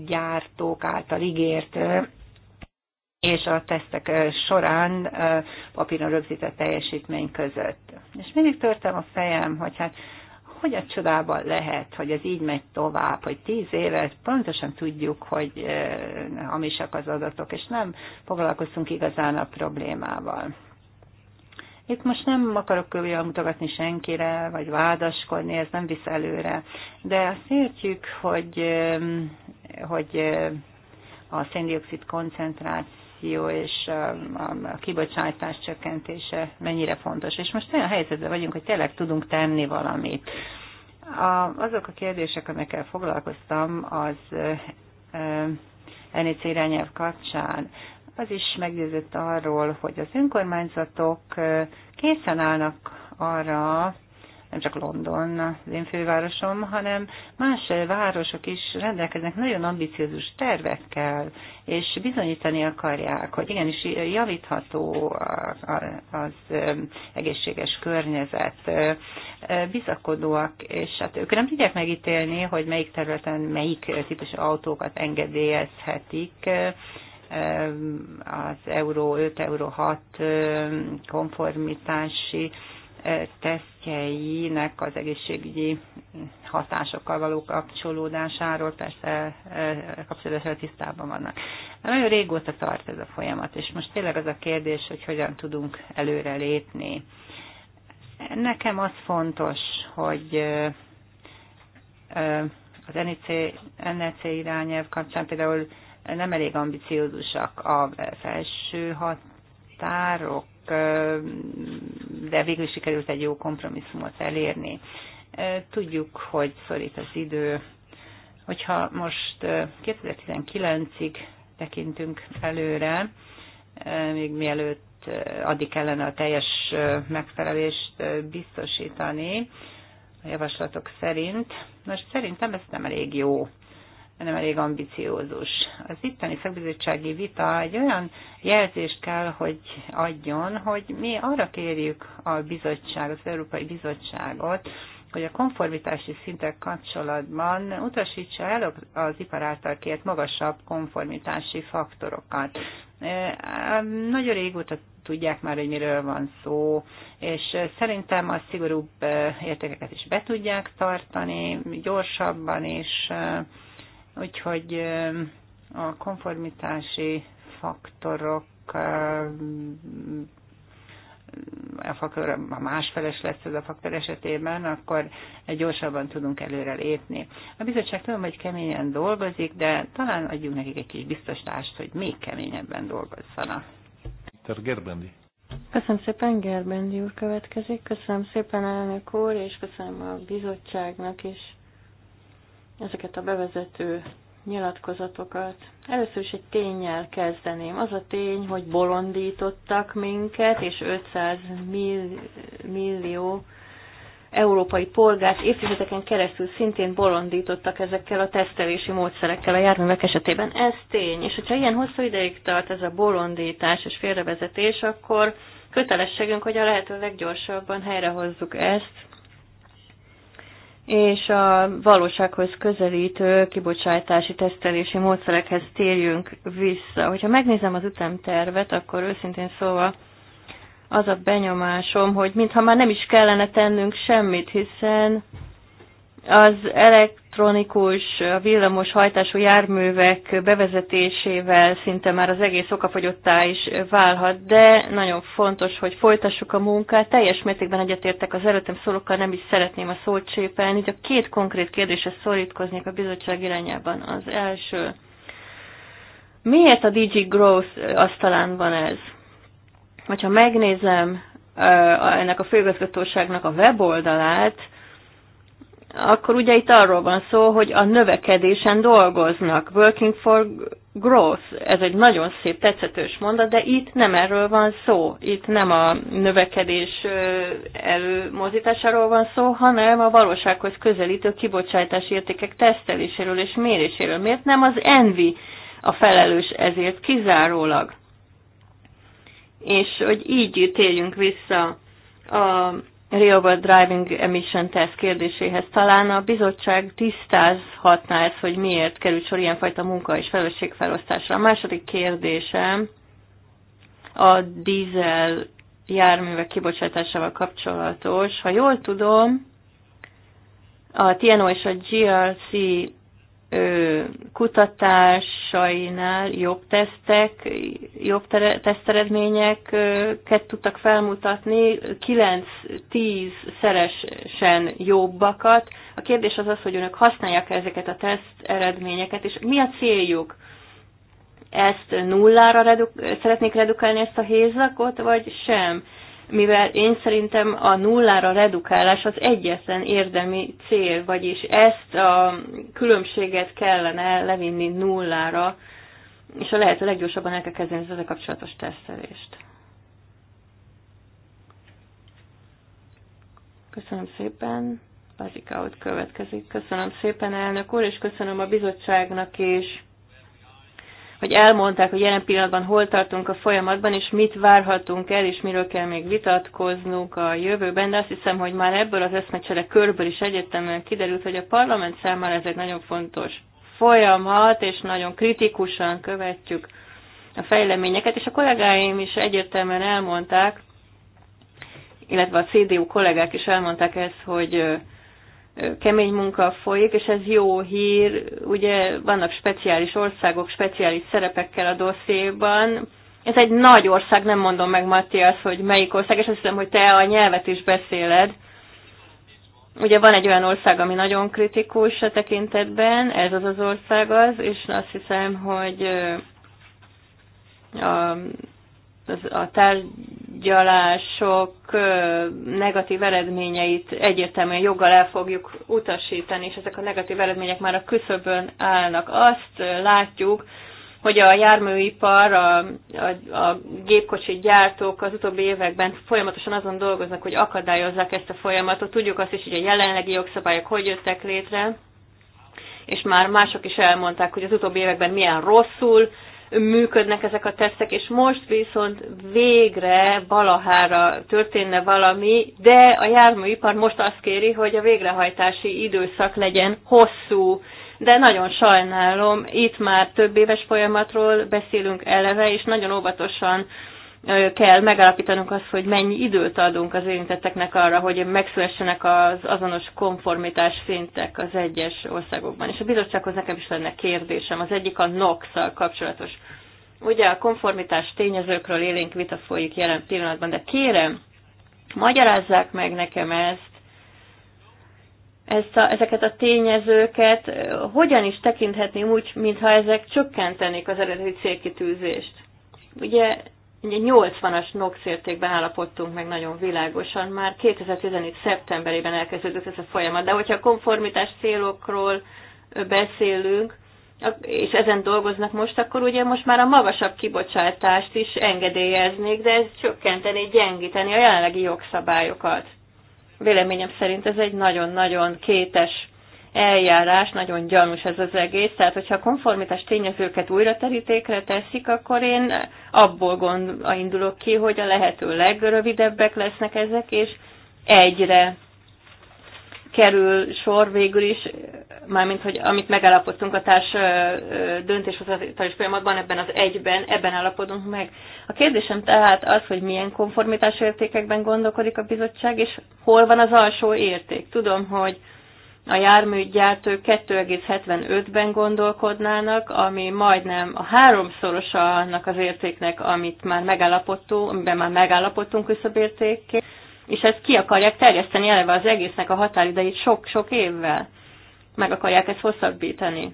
[SPEAKER 3] gyártók által ígért és a tesztek során papíron rögzített teljesítmény között. És mindig törtem a fejem, hogy hát hogy a csodában lehet, hogy ez így megy tovább, hogy tíz éve pontosan tudjuk, hogy hamisak az adatok, és nem foglalkoztunk igazán a problémával. Itt most nem akarok kövével mutogatni senkire, vagy vádaskodni, ez nem visz előre. De azt értjük, hogy, hogy a széndiokszid koncentráció reducció és um, a kibocsátás csökkentése mennyire fontos. És most olyan helyzetben vagyunk, hogy tényleg tudunk tenni valamit. A, azok a kérdések, amikkel foglalkoztam, az NEC irányelv kapcsán, az is meggyőzött arról, hogy az önkormányzatok készen állnak arra, nem csak London az én fővárosom, hanem más városok is rendelkeznek nagyon ambiciózus tervekkel, és bizonyítani akarják, hogy igenis javítható az egészséges környezet, bizakodóak, és hát ők nem tudják megítélni, hogy melyik területen melyik típusú autókat engedélyezhetik, az euró 5, euró 6 konformitási tesztjeinek az egészségügyi hatásokkal való kapcsolódásáról persze e, e, kapcsolódására tisztában vannak. De nagyon régóta tart ez a folyamat, és most tényleg az a kérdés, hogy hogyan tudunk előre lépni. Nekem az fontos, hogy e, az NEC, NEC irányelv kapcsán például nem elég ambiciózusak a felső határok, de végül is sikerült egy jó kompromisszumot elérni. Tudjuk, hogy szorít az idő. Hogyha most 2019-ig tekintünk előre, még mielőtt addig kellene a teljes megfelelést biztosítani, a javaslatok szerint. Most szerintem ez nem elég jó nem elég ambiciózus. Az itteni szakbizottsági vita egy olyan jelzést kell, hogy adjon, hogy mi arra kérjük a bizottságot, az Európai Bizottságot, hogy a konformitási szintek kapcsolatban utasítsa el az ipar által kért magasabb konformitási faktorokat. E, nagyon régóta tudják már, hogy miről van szó, és szerintem a szigorúbb e, értékeket is be tudják tartani, gyorsabban és Úgyhogy a konformitási faktorok a faktor, ha másfeles lesz ez a faktor esetében, akkor gyorsabban tudunk előre lépni. A bizottság tudom, hogy keményen dolgozik, de talán adjunk nekik egy kis biztosítást, hogy még keményebben dolgozzanak.
[SPEAKER 7] Gerbendi.
[SPEAKER 5] Köszönöm szépen, Gerbendi úr következik. Köszönöm szépen, elnök úr, és köszönöm a bizottságnak is ezeket a bevezető nyilatkozatokat. Először is egy tényel kezdeném. Az a tény, hogy bolondítottak minket, és 500 millió európai polgárt évtizedeken keresztül szintén bolondítottak ezekkel a tesztelési módszerekkel a járművek esetében. Ez tény, és hogyha ilyen hosszú ideig tart ez a bolondítás és félrevezetés, akkor kötelességünk, hogy a lehető leggyorsabban helyrehozzuk ezt, és a valósághoz közelítő kibocsátási tesztelési módszerekhez térjünk vissza. Hogyha megnézem az ütemtervet, akkor őszintén szóval az a benyomásom, hogy mintha már nem is kellene tennünk semmit, hiszen az elektronikus, villamos hajtású járművek bevezetésével szinte már az egész okafogyottá is válhat, de nagyon fontos, hogy folytassuk a munkát. Teljes mértékben egyetértek az előttem szólókkal, nem is szeretném a szót csépelni, de két konkrét kérdésre szorítkoznék a bizottság irányában. Az első, miért a DG Growth asztalán van ez? Hogyha megnézem ennek a főgazgatóságnak a weboldalát, akkor ugye itt arról van szó, hogy a növekedésen dolgoznak. Working for growth, ez egy nagyon szép, tetszetős mondat, de itt nem erről van szó. Itt nem a növekedés előmozításáról van szó, hanem a valósághoz közelítő kibocsátási értékek teszteléséről és méréséről. Miért nem az envi a felelős ezért kizárólag? És hogy így térjünk vissza a Real Driving Emission Test kérdéséhez. Talán a bizottság tisztázhatná ezt, hogy miért került sor ilyenfajta munka és felelősségfelosztásra. A második kérdésem a dízel járművek kibocsátásával kapcsolatos. Ha jól tudom, a TNO és a GRC kutatásainál jobb tesztek, jobb teszteredményeket tudtak felmutatni, 9-10 szeresen jobbakat. A kérdés az az, hogy önök használják ezeket a teszt eredményeket, és mi a céljuk? Ezt nullára redu- szeretnék redukálni ezt a hézakot, vagy sem? mivel én szerintem a nullára redukálás az egyetlen érdemi cél, vagyis ezt a különbséget kellene levinni nullára, és a lehető leggyorsabban el kell kezdeni az ezzel kapcsolatos tesztelést. Köszönöm szépen. Bazika ott következik. Köszönöm szépen, elnök úr, és köszönöm a bizottságnak is hogy elmondták, hogy jelen pillanatban hol tartunk a folyamatban, és mit várhatunk el, és miről kell még vitatkoznunk a jövőben, de azt hiszem, hogy már ebből az eszmecsere körből is egyetemen kiderült, hogy a parlament számára ez egy nagyon fontos folyamat, és nagyon kritikusan követjük a fejleményeket, és a kollégáim is egyértelműen elmondták, illetve a CDU kollégák is elmondták ezt, hogy kemény munka folyik, és ez jó hír, ugye vannak speciális országok, speciális szerepekkel a dosszéban. Ez egy nagy ország, nem mondom meg Matthias, hogy melyik ország, és azt hiszem, hogy te a nyelvet is beszéled. Ugye van egy olyan ország, ami nagyon kritikus a tekintetben, ez az az ország az, és azt hiszem, hogy a az a tárgyalások negatív eredményeit egyértelműen joggal el fogjuk utasítani, és ezek a negatív eredmények már a küszöbön állnak. Azt látjuk, hogy a járműipar, a, a, a gépkocsi gyártók az utóbbi években folyamatosan azon dolgoznak, hogy akadályozzák ezt a folyamatot. Tudjuk azt is, hogy a jelenlegi jogszabályok hogy jöttek létre, és már mások is elmondták, hogy az utóbbi években milyen rosszul működnek ezek a tesztek, és most viszont végre valahára történne valami, de a járműipar most azt kéri, hogy a végrehajtási időszak legyen hosszú, de nagyon sajnálom, itt már több éves folyamatról beszélünk eleve, és nagyon óvatosan kell megalapítanunk azt, hogy mennyi időt adunk az érintetteknek arra, hogy megszülessenek az azonos konformitás szintek az egyes országokban. És a bizottsághoz nekem is lenne kérdésem. Az egyik a NOx-szal kapcsolatos. Ugye a konformitás tényezőkről élénk vita folyik jelen pillanatban, de kérem, magyarázzák meg nekem ezt, ezt a, ezeket a tényezőket hogyan is tekinthetném úgy, mintha ezek csökkentenék az eredeti célkitűzést. Ugye 80-as NOx értékben állapodtunk meg nagyon világosan, már 2017. szeptemberében elkezdődött ez a folyamat, de hogyha konformitás célokról beszélünk, és ezen dolgoznak most, akkor ugye most már a magasabb kibocsátást is engedélyeznék, de ez csökkenteni, gyengíteni a jelenlegi jogszabályokat. Véleményem szerint ez egy nagyon-nagyon kétes eljárás, nagyon gyanús ez az egész, tehát hogyha a konformitás tényezőket újra terítékre teszik, akkor én abból gond, indulok ki, hogy a lehető legrövidebbek lesznek ezek, és egyre kerül sor végül is, mármint, hogy amit megállapodtunk a társ döntéshozatalis folyamatban, ebben az egyben, ebben állapodunk meg. A kérdésem tehát az, hogy milyen konformitás értékekben gondolkodik a bizottság, és hol van az alsó érték. Tudom, hogy a járműgyártő 2,75-ben gondolkodnának, ami majdnem a háromszorosa annak az értéknek, amit már megállapodtunk, amiben már megállapodtunk küszöbértékként, és ezt ki akarják terjeszteni eleve az egésznek a határidejét sok-sok évvel. Meg akarják ezt hosszabbítani.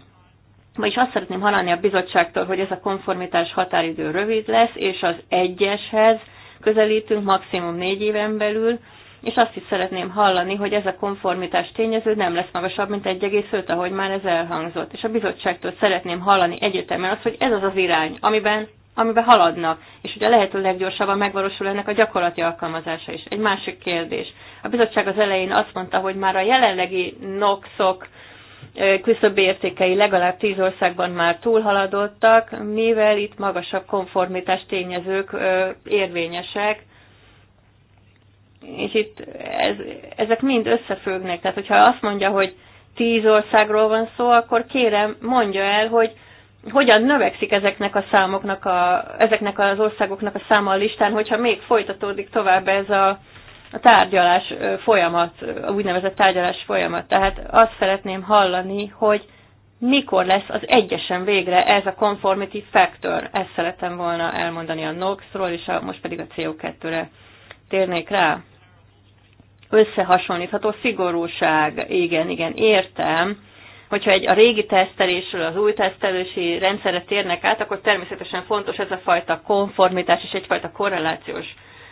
[SPEAKER 5] Vagyis azt szeretném hallani a bizottságtól, hogy ez a konformitás határidő rövid lesz, és az egyeshez közelítünk maximum négy éven belül, és azt is szeretném hallani, hogy ez a konformitás tényező nem lesz magasabb, mint 1,5, ahogy már ez elhangzott. És a bizottságtól szeretném hallani egyetemen azt, hogy ez az az irány, amiben amiben haladnak, és hogy a lehető leggyorsabban megvalósul ennek a gyakorlati alkalmazása is. Egy másik kérdés. A bizottság az elején azt mondta, hogy már a jelenlegi NOX-ok küszöbb értékei legalább tíz országban már túlhaladottak, mivel itt magasabb konformitás tényezők érvényesek, és itt ez, ezek mind összefüggnek. Tehát, hogyha azt mondja, hogy tíz országról van szó, akkor kérem, mondja el, hogy hogyan növekszik ezeknek a számoknak, a, ezeknek az országoknak a száma a listán, hogyha még folytatódik tovább ez a, a tárgyalás folyamat, a úgynevezett tárgyalás folyamat. Tehát azt szeretném hallani, hogy mikor lesz az egyesen végre ez a conformity factor. Ezt szeretem volna elmondani a NOx-ról, és a, most pedig a CO2-re térnék rá összehasonlítható szigorúság. Igen, igen, értem. Hogyha egy, a régi tesztelésről az új tesztelési rendszerre térnek át, akkor természetesen fontos ez a fajta konformitás és egyfajta korrelációs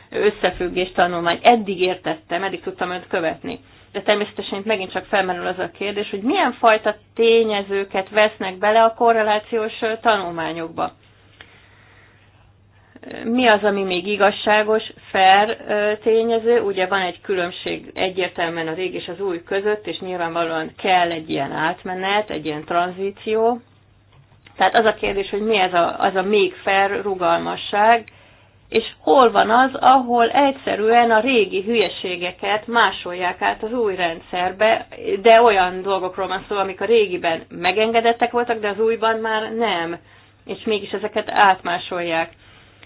[SPEAKER 5] összefüggés tanulmány. Eddig értettem, eddig tudtam önt követni. De természetesen itt megint csak felmerül az a kérdés, hogy milyen fajta tényezőket vesznek bele a korrelációs tanulmányokba mi az, ami még igazságos, fair tényező. Ugye van egy különbség egyértelműen a rég és az új között, és nyilvánvalóan kell egy ilyen átmenet, egy ilyen tranzíció. Tehát az a kérdés, hogy mi ez a, az a még fair rugalmasság, és hol van az, ahol egyszerűen a régi hülyeségeket másolják át az új rendszerbe, de olyan dolgokról van szó, amik a régiben megengedettek voltak, de az újban már nem, és mégis ezeket átmásolják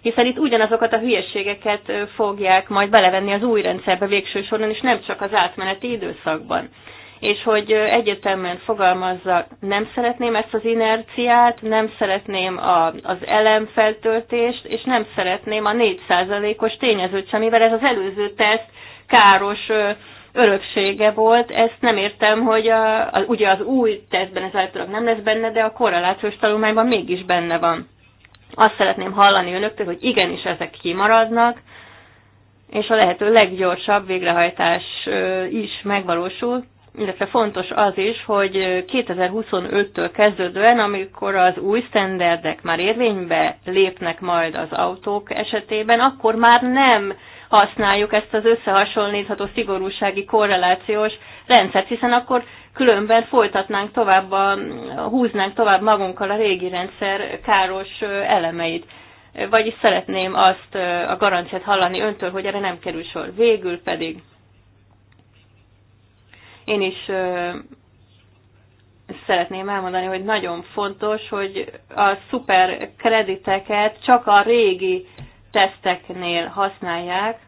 [SPEAKER 5] hiszen itt ugyanazokat a hülyeségeket fogják majd belevenni az új rendszerbe végső soron, és nem csak az átmeneti időszakban. És hogy egyértelműen fogalmazza, nem szeretném ezt az inerciát, nem szeretném a, az elemfeltöltést, és nem szeretném a 4%-os tényezőt sem, mivel ez az előző teszt káros öröksége volt, ezt nem értem, hogy a, a, ugye az új tesztben ez általában nem lesz benne, de a korrelációs tanulmányban mégis benne van. Azt szeretném hallani önöktől, hogy igenis ezek kimaradnak, és a lehető leggyorsabb végrehajtás is megvalósul, illetve fontos az is, hogy 2025-től kezdődően, amikor az új standardek már érvénybe lépnek majd az autók esetében, akkor már nem használjuk ezt az összehasonlítható szigorúsági korrelációs rendszert, hiszen akkor különben folytatnánk tovább, a, húznánk tovább magunkkal a régi rendszer káros elemeit. Vagyis szeretném azt a garanciát hallani öntől, hogy erre nem kerül sor. Végül pedig én is szeretném elmondani, hogy nagyon fontos, hogy a krediteket csak a régi teszteknél használják,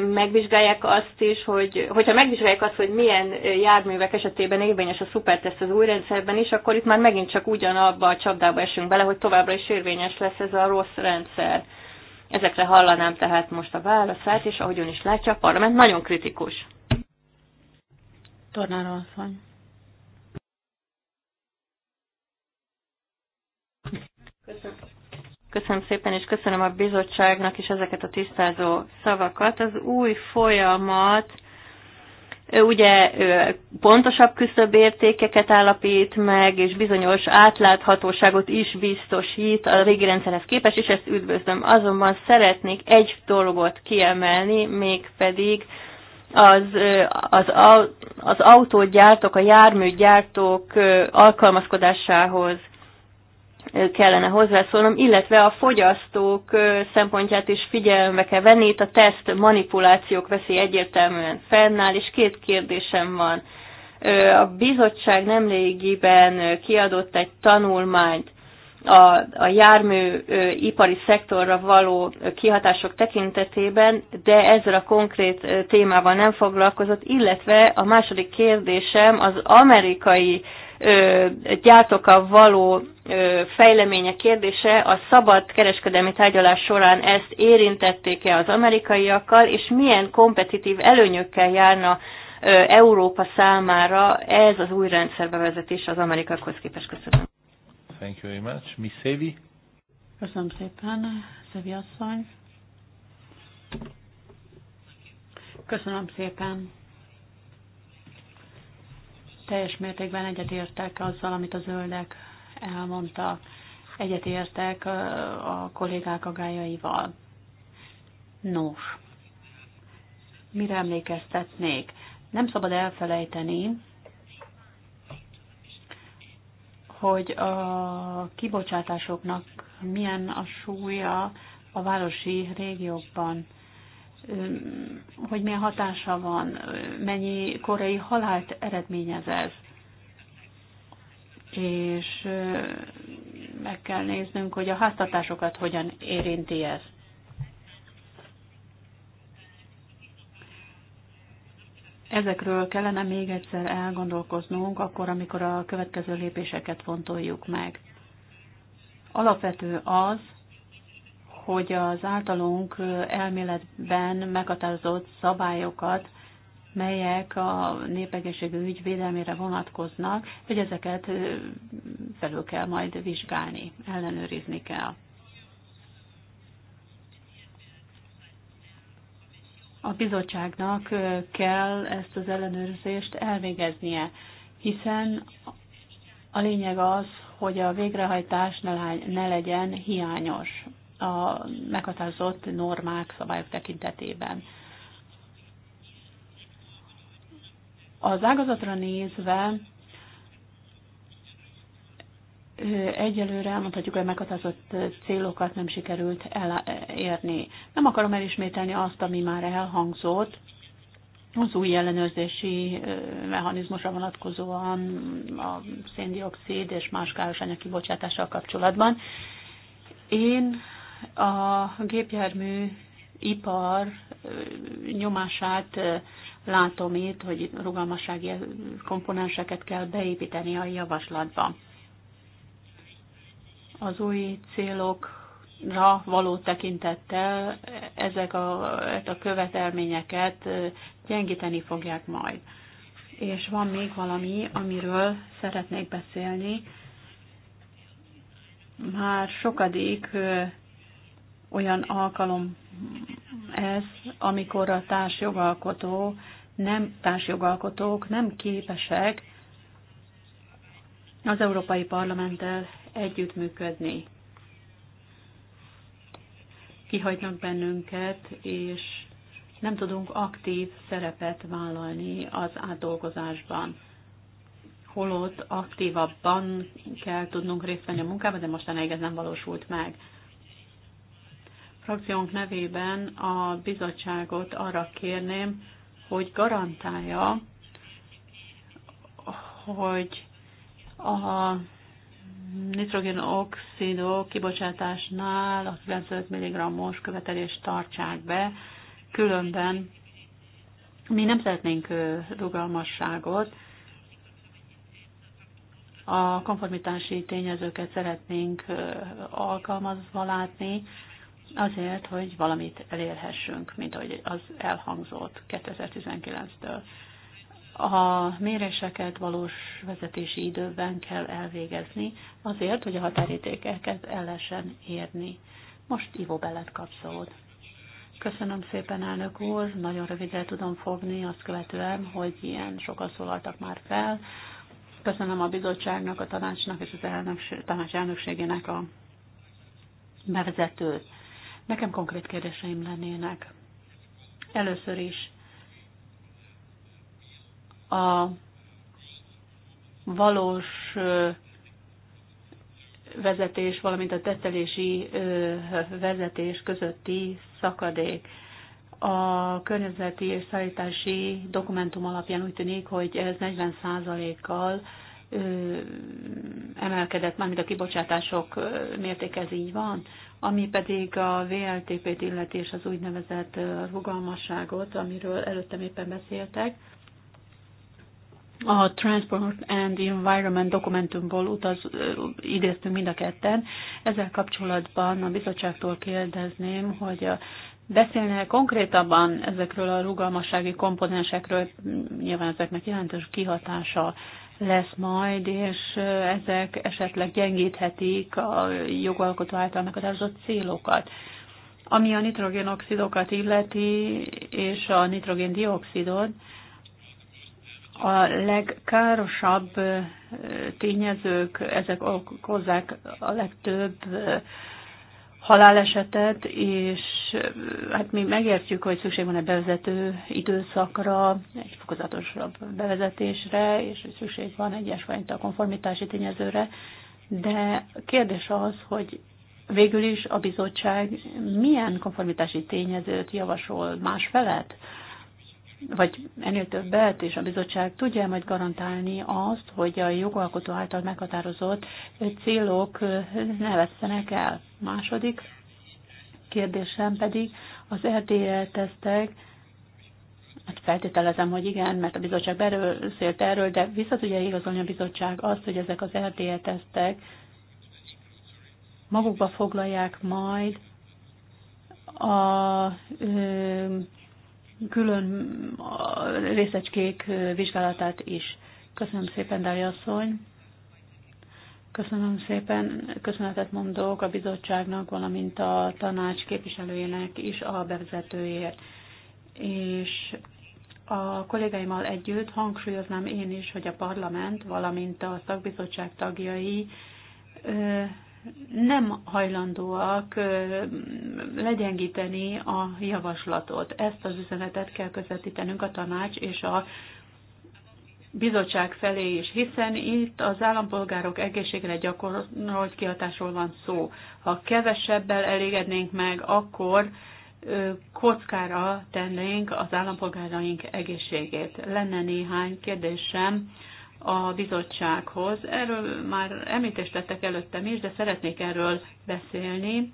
[SPEAKER 5] megvizsgálják azt is, hogy hogyha megvizsgálják azt, hogy milyen járművek esetében érvényes a szuperteszt az új rendszerben is, akkor itt már megint csak ugyanabba a csapdába esünk bele, hogy továbbra is érvényes lesz ez a rossz rendszer. Ezekre hallanám tehát most a válaszát, és ahogy ön is látja, a parlament nagyon kritikus.
[SPEAKER 6] Tornára asszony. Köszönöm.
[SPEAKER 5] Köszönöm szépen, és köszönöm a bizottságnak is ezeket a tisztázó szavakat. Az új folyamat ugye pontosabb küszöbértékeket állapít meg, és bizonyos átláthatóságot is biztosít a régi rendszerhez képest, és ezt üdvözlöm. Azonban szeretnék egy dolgot kiemelni, mégpedig az, az, az autógyártók, a járműgyártók alkalmazkodásához kellene hozzászólnom, illetve a fogyasztók szempontját is figyelembe kell venni. Itt a teszt manipulációk veszi egyértelműen fennáll, és két kérdésem van. A bizottság nemrégiben kiadott egy tanulmányt a, a jármű ipari szektorra való kihatások tekintetében, de ezzel a konkrét témával nem foglalkozott, illetve a második kérdésem az amerikai a való fejleménye kérdése, a szabad kereskedelmi tárgyalás során ezt érintették-e az amerikaiakkal, és milyen kompetitív előnyökkel járna Európa számára ez az új rendszer bevezetése az amerikakhoz képest. Köszönöm.
[SPEAKER 4] Thank you very much. Miss Sevi?
[SPEAKER 6] Köszönöm szépen, Szevi asszony. Köszönöm szépen teljes mértékben egyetértek azzal, amit a zöldek elmondtak. Egyetértek a kollégák agájaival. Nos, mire emlékeztetnék? Nem szabad elfelejteni, hogy a kibocsátásoknak milyen a súlya a városi régiókban hogy milyen hatása van, mennyi korai halált eredményez ez. És meg kell néznünk, hogy a háztartásokat hogyan érinti ez. Ezekről kellene még egyszer elgondolkoznunk, akkor, amikor a következő lépéseket fontoljuk meg. Alapvető az, hogy az általunk elméletben meghatározott szabályokat, melyek a népegészségű ügy védelmére vonatkoznak, hogy ezeket felül kell majd vizsgálni, ellenőrizni kell. A bizottságnak kell ezt az ellenőrzést elvégeznie, hiszen a lényeg az, hogy a végrehajtás ne legyen hiányos a meghatározott normák, szabályok tekintetében. Az ágazatra nézve egyelőre elmondhatjuk, hogy meghatározott célokat nem sikerült elérni. Nem akarom elismételni azt, ami már elhangzott, az új ellenőrzési mechanizmusra vonatkozóan a széndiokszid és más káros kibocsátással kapcsolatban. Én a gépjármű ipar nyomását látom itt, hogy rugalmassági komponenseket kell beépíteni a javaslatba. Az új célokra való tekintettel ezek a, a követelményeket gyengíteni fogják majd. És van még valami, amiről szeretnék beszélni. Már sokadik olyan alkalom ez, amikor a társjogalkotó nem, társjogalkotók nem képesek az Európai Parlamenttel együttműködni. Kihagynak bennünket, és nem tudunk aktív szerepet vállalni az átdolgozásban. Holott aktívabban kell tudnunk részt venni a munkában, de mostanáig ez nem valósult meg frakciónk nevében a bizottságot arra kérném, hogy garantálja, hogy a nitrogénoxidok kibocsátásnál a 95 mg-os követelést tartsák be, különben mi nem szeretnénk rugalmasságot, a konformitási tényezőket szeretnénk alkalmazva látni, azért, hogy valamit elérhessünk, mint ahogy az elhangzott 2019-től. A méréseket valós vezetési időben kell elvégezni, azért, hogy a határértékeket el lehessen érni. Most Ivo Bellet kap szót. Köszönöm szépen, elnök úr. Nagyon rövidre tudom fogni, azt követően, hogy ilyen sokan szólaltak már fel. Köszönöm a bizottságnak, a tanácsnak és az elnökség, tanács elnökségének a bevezetőt. Nekem konkrét kérdéseim lennének. Először is a valós vezetés, valamint a tettelési vezetés közötti szakadék. A környezeti és szállítási dokumentum alapján úgy tűnik, hogy ez 40%-kal emelkedett, mármint a kibocsátások mértéke ez így van. Ami pedig a VLTP-t illeti és az úgynevezett rugalmasságot, amiről előttem éppen beszéltek, a Transport and Environment dokumentumból utaz, idéztünk mind a ketten. Ezzel kapcsolatban a bizottságtól kérdezném, hogy beszélne konkrétabban ezekről a rugalmassági komponensekről, nyilván ezeknek jelentős kihatása lesz majd, és ezek esetleg gyengíthetik a jogalkotó által meghatározott célokat. Ami a nitrogénoxidokat illeti, és a nitrogéndioxidot, a legkárosabb tényezők, ezek okozzák a legtöbb halálesetet, és hát mi megértjük, hogy szükség van egy bevezető időszakra, egy fokozatosabb bevezetésre, és hogy szükség van egy ilyesfajta konformitási tényezőre, de kérdés az, hogy végül is a bizottság milyen konformitási tényezőt javasol más felett? vagy ennél többet, és a bizottság tudja majd garantálni azt, hogy a jogalkotó által meghatározott célok ne vesztenek el. Második kérdésem pedig az RTL e tesztek, hát feltételezem, hogy igen, mert a bizottság beszélt erről, de vissza tudja igazolni a bizottság azt, hogy ezek az RTE tesztek magukba foglalják majd a ö, külön részecskék vizsgálatát is. Köszönöm szépen, Dália asszony! Köszönöm szépen, köszönetet mondok a bizottságnak, valamint a tanács képviselőjének is a bevezetőjét. És a kollégáimmal együtt hangsúlyoznám én is, hogy a parlament, valamint a szakbizottság tagjai nem hajlandóak legyengíteni a javaslatot. Ezt az üzenetet kell közvetítenünk a tanács és a bizottság felé is, hiszen itt az állampolgárok egészségre gyakorolt kihatásról van szó. Ha kevesebbel elégednénk meg, akkor kockára tennénk az állampolgáraink egészségét. Lenne néhány kérdésem a bizottsághoz. Erről már említést tettek előttem is, de szeretnék erről beszélni,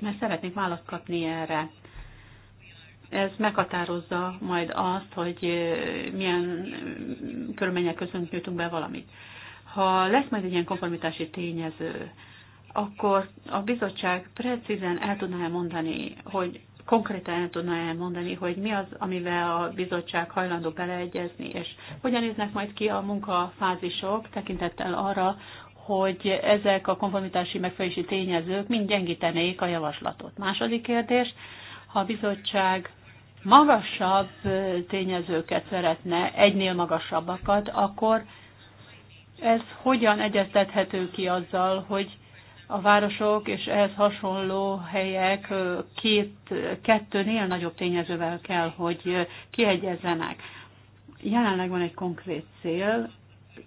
[SPEAKER 6] mert szeretnék választ kapni erre. Ez meghatározza majd azt, hogy eh, milyen eh, körülmények között nyújtunk be valamit. Ha lesz majd egy ilyen konformitási tényező, akkor a bizottság precízen el tudná mondani, hogy konkrétan el tudna elmondani, hogy mi az, amivel a bizottság hajlandó beleegyezni, és hogyan néznek majd ki a munkafázisok tekintettel arra, hogy ezek a konformitási megfelelési tényezők mind gyengítenék a javaslatot. Második kérdés, ha a bizottság magasabb tényezőket szeretne, egynél magasabbakat, akkor ez hogyan egyeztethető ki azzal, hogy a városok és ehhez hasonló helyek két, kettőnél nagyobb tényezővel kell, hogy kiegyezzenek. Jelenleg van egy konkrét cél,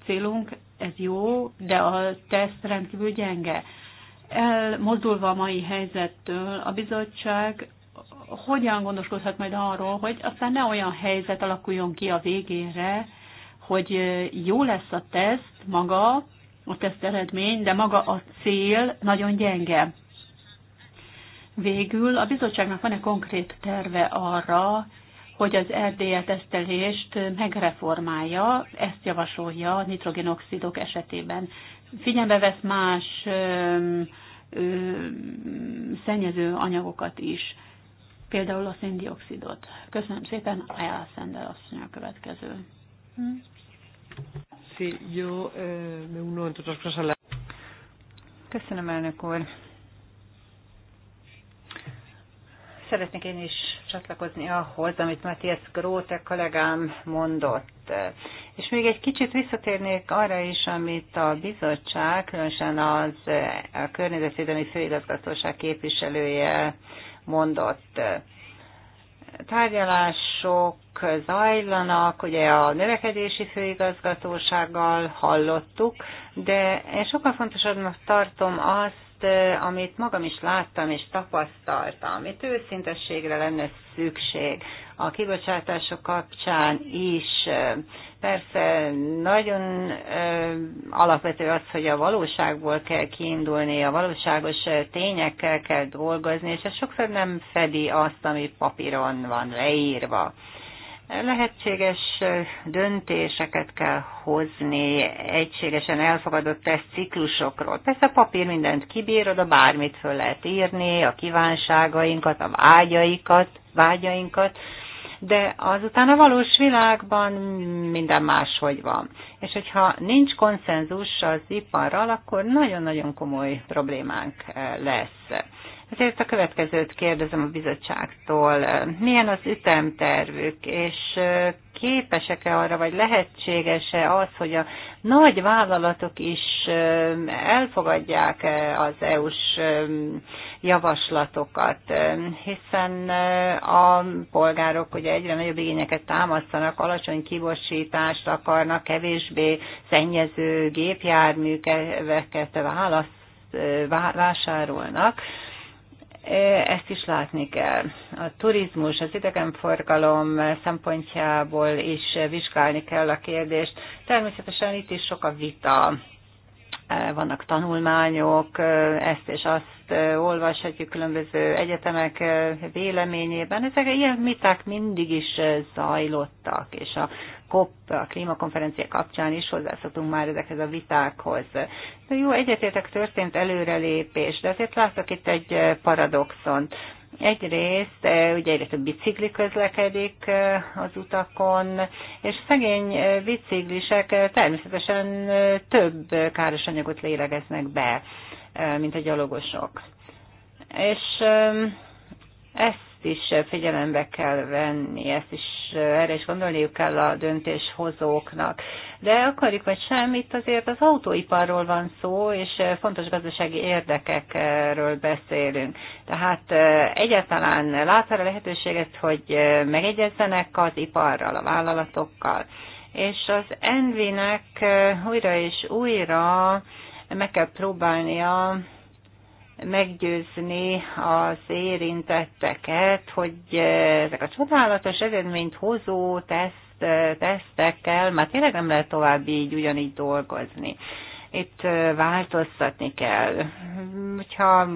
[SPEAKER 6] célunk, ez jó, de a teszt rendkívül gyenge. Elmozdulva a mai helyzettől, a bizottság hogyan gondoskodhat majd arról, hogy aztán ne olyan helyzet alakuljon ki a végére, hogy jó lesz a teszt maga, a teszt eredmény, de maga a cél nagyon gyenge. Végül a bizottságnak van-e konkrét terve arra, hogy az RDE tesztelést megreformálja, ezt javasolja a nitrogénoxidok esetében. Figyelme vesz más ö, ö, szennyező anyagokat is, például a széndiokszidot. Köszönöm szépen, Ayala Szendel asszony a következő. Hm? Sí, yo
[SPEAKER 3] eh, me uno entre otras cosas a la... Köszönöm, elnök úr. Szeretnék én is csatlakozni ahhoz, amit Matthias Gróte kollégám mondott. És még egy kicsit visszatérnék arra is, amit a bizottság, különösen az a környezetvédelmi főigazgatóság képviselője mondott. Tárgyalások zajlanak, ugye a növekedési főigazgatósággal hallottuk, de én sokkal fontosabbnak tartom azt, eh, amit magam is láttam és tapasztaltam. amit őszintességre lenne szükség a kibocsátások kapcsán is. Persze nagyon eh, alapvető az, hogy a valóságból kell kiindulni, a valóságos eh, tényekkel kell dolgozni, és ez sokszor nem fedi azt, ami papíron van leírva lehetséges döntéseket kell hozni egységesen elfogadott teszt ciklusokról. Persze a papír mindent kibír, oda bármit föl lehet írni, a kívánságainkat, a vágyaikat, vágyainkat, de azután a valós világban minden máshogy van. És hogyha nincs konszenzus az iparral, akkor nagyon-nagyon komoly problémánk lesz. Ezért a következőt kérdezem a bizottságtól. Milyen az ütemtervük, és képesek-e arra, vagy lehetséges-e az, hogy a nagy vállalatok is elfogadják az EU-s javaslatokat, hiszen a polgárok ugye egyre nagyobb igényeket támasztanak, alacsony kibosítást akarnak, kevésbé szennyező gépjárműkeveket választ, vásárolnak, ezt is látni kell. A turizmus, az idegenforgalom szempontjából is vizsgálni kell a kérdést. Természetesen itt is sok a vita. Vannak tanulmányok, ezt és azt olvashatjuk különböző egyetemek véleményében. Ezek ilyen miták mindig is zajlottak, és a COP, a klímakonferencia kapcsán is hozzászoktunk már ezekhez a vitákhoz. De jó, egyetértek történt előrelépés, de azért látok itt egy paradoxon. Egyrészt ugye egyre több bicikli közlekedik az utakon, és szegény biciklisek természetesen több káros anyagot lélegeznek be, mint a gyalogosok. És ezt is figyelembe kell venni, ezt is erre is gondolniuk kell a döntéshozóknak. De akarjuk vagy sem, itt azért az autóiparról van szó, és fontos gazdasági érdekekről beszélünk. Tehát egyáltalán lát a lehetőséget, hogy megegyezzenek az iparral, a vállalatokkal. És az Envinek újra és újra meg kell próbálnia meggyőzni az érintetteket, hogy eh, ezek a csodálatos eredményt hozó teszt, eh, tesztekkel már tényleg nem lehet tovább így ugyanígy dolgozni itt eh, változtatni kell. Hogyha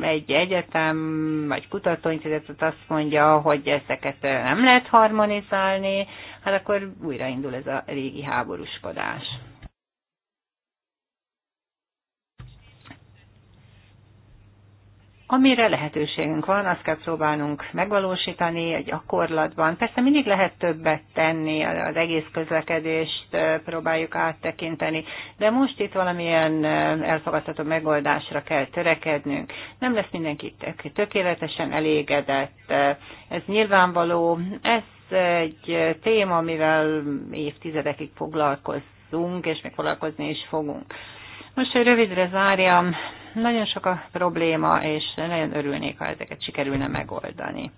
[SPEAKER 3] egy egyetem vagy kutatóintézet azt mondja, hogy ezeket nem lehet harmonizálni, hát akkor újraindul ez a régi háborúskodás. Amire lehetőségünk van, azt kell próbálnunk megvalósítani a gyakorlatban. Persze mindig lehet többet tenni, az egész közlekedést próbáljuk áttekinteni, de most itt valamilyen elfogadható megoldásra kell törekednünk. Nem lesz mindenki tökéletesen elégedett. Ez nyilvánvaló, ez egy téma, amivel évtizedekig foglalkozunk, és még foglalkozni is fogunk. Most, hogy rövidre zárjam, nagyon sok a probléma, és nagyon örülnék, ha ezeket sikerülne megoldani.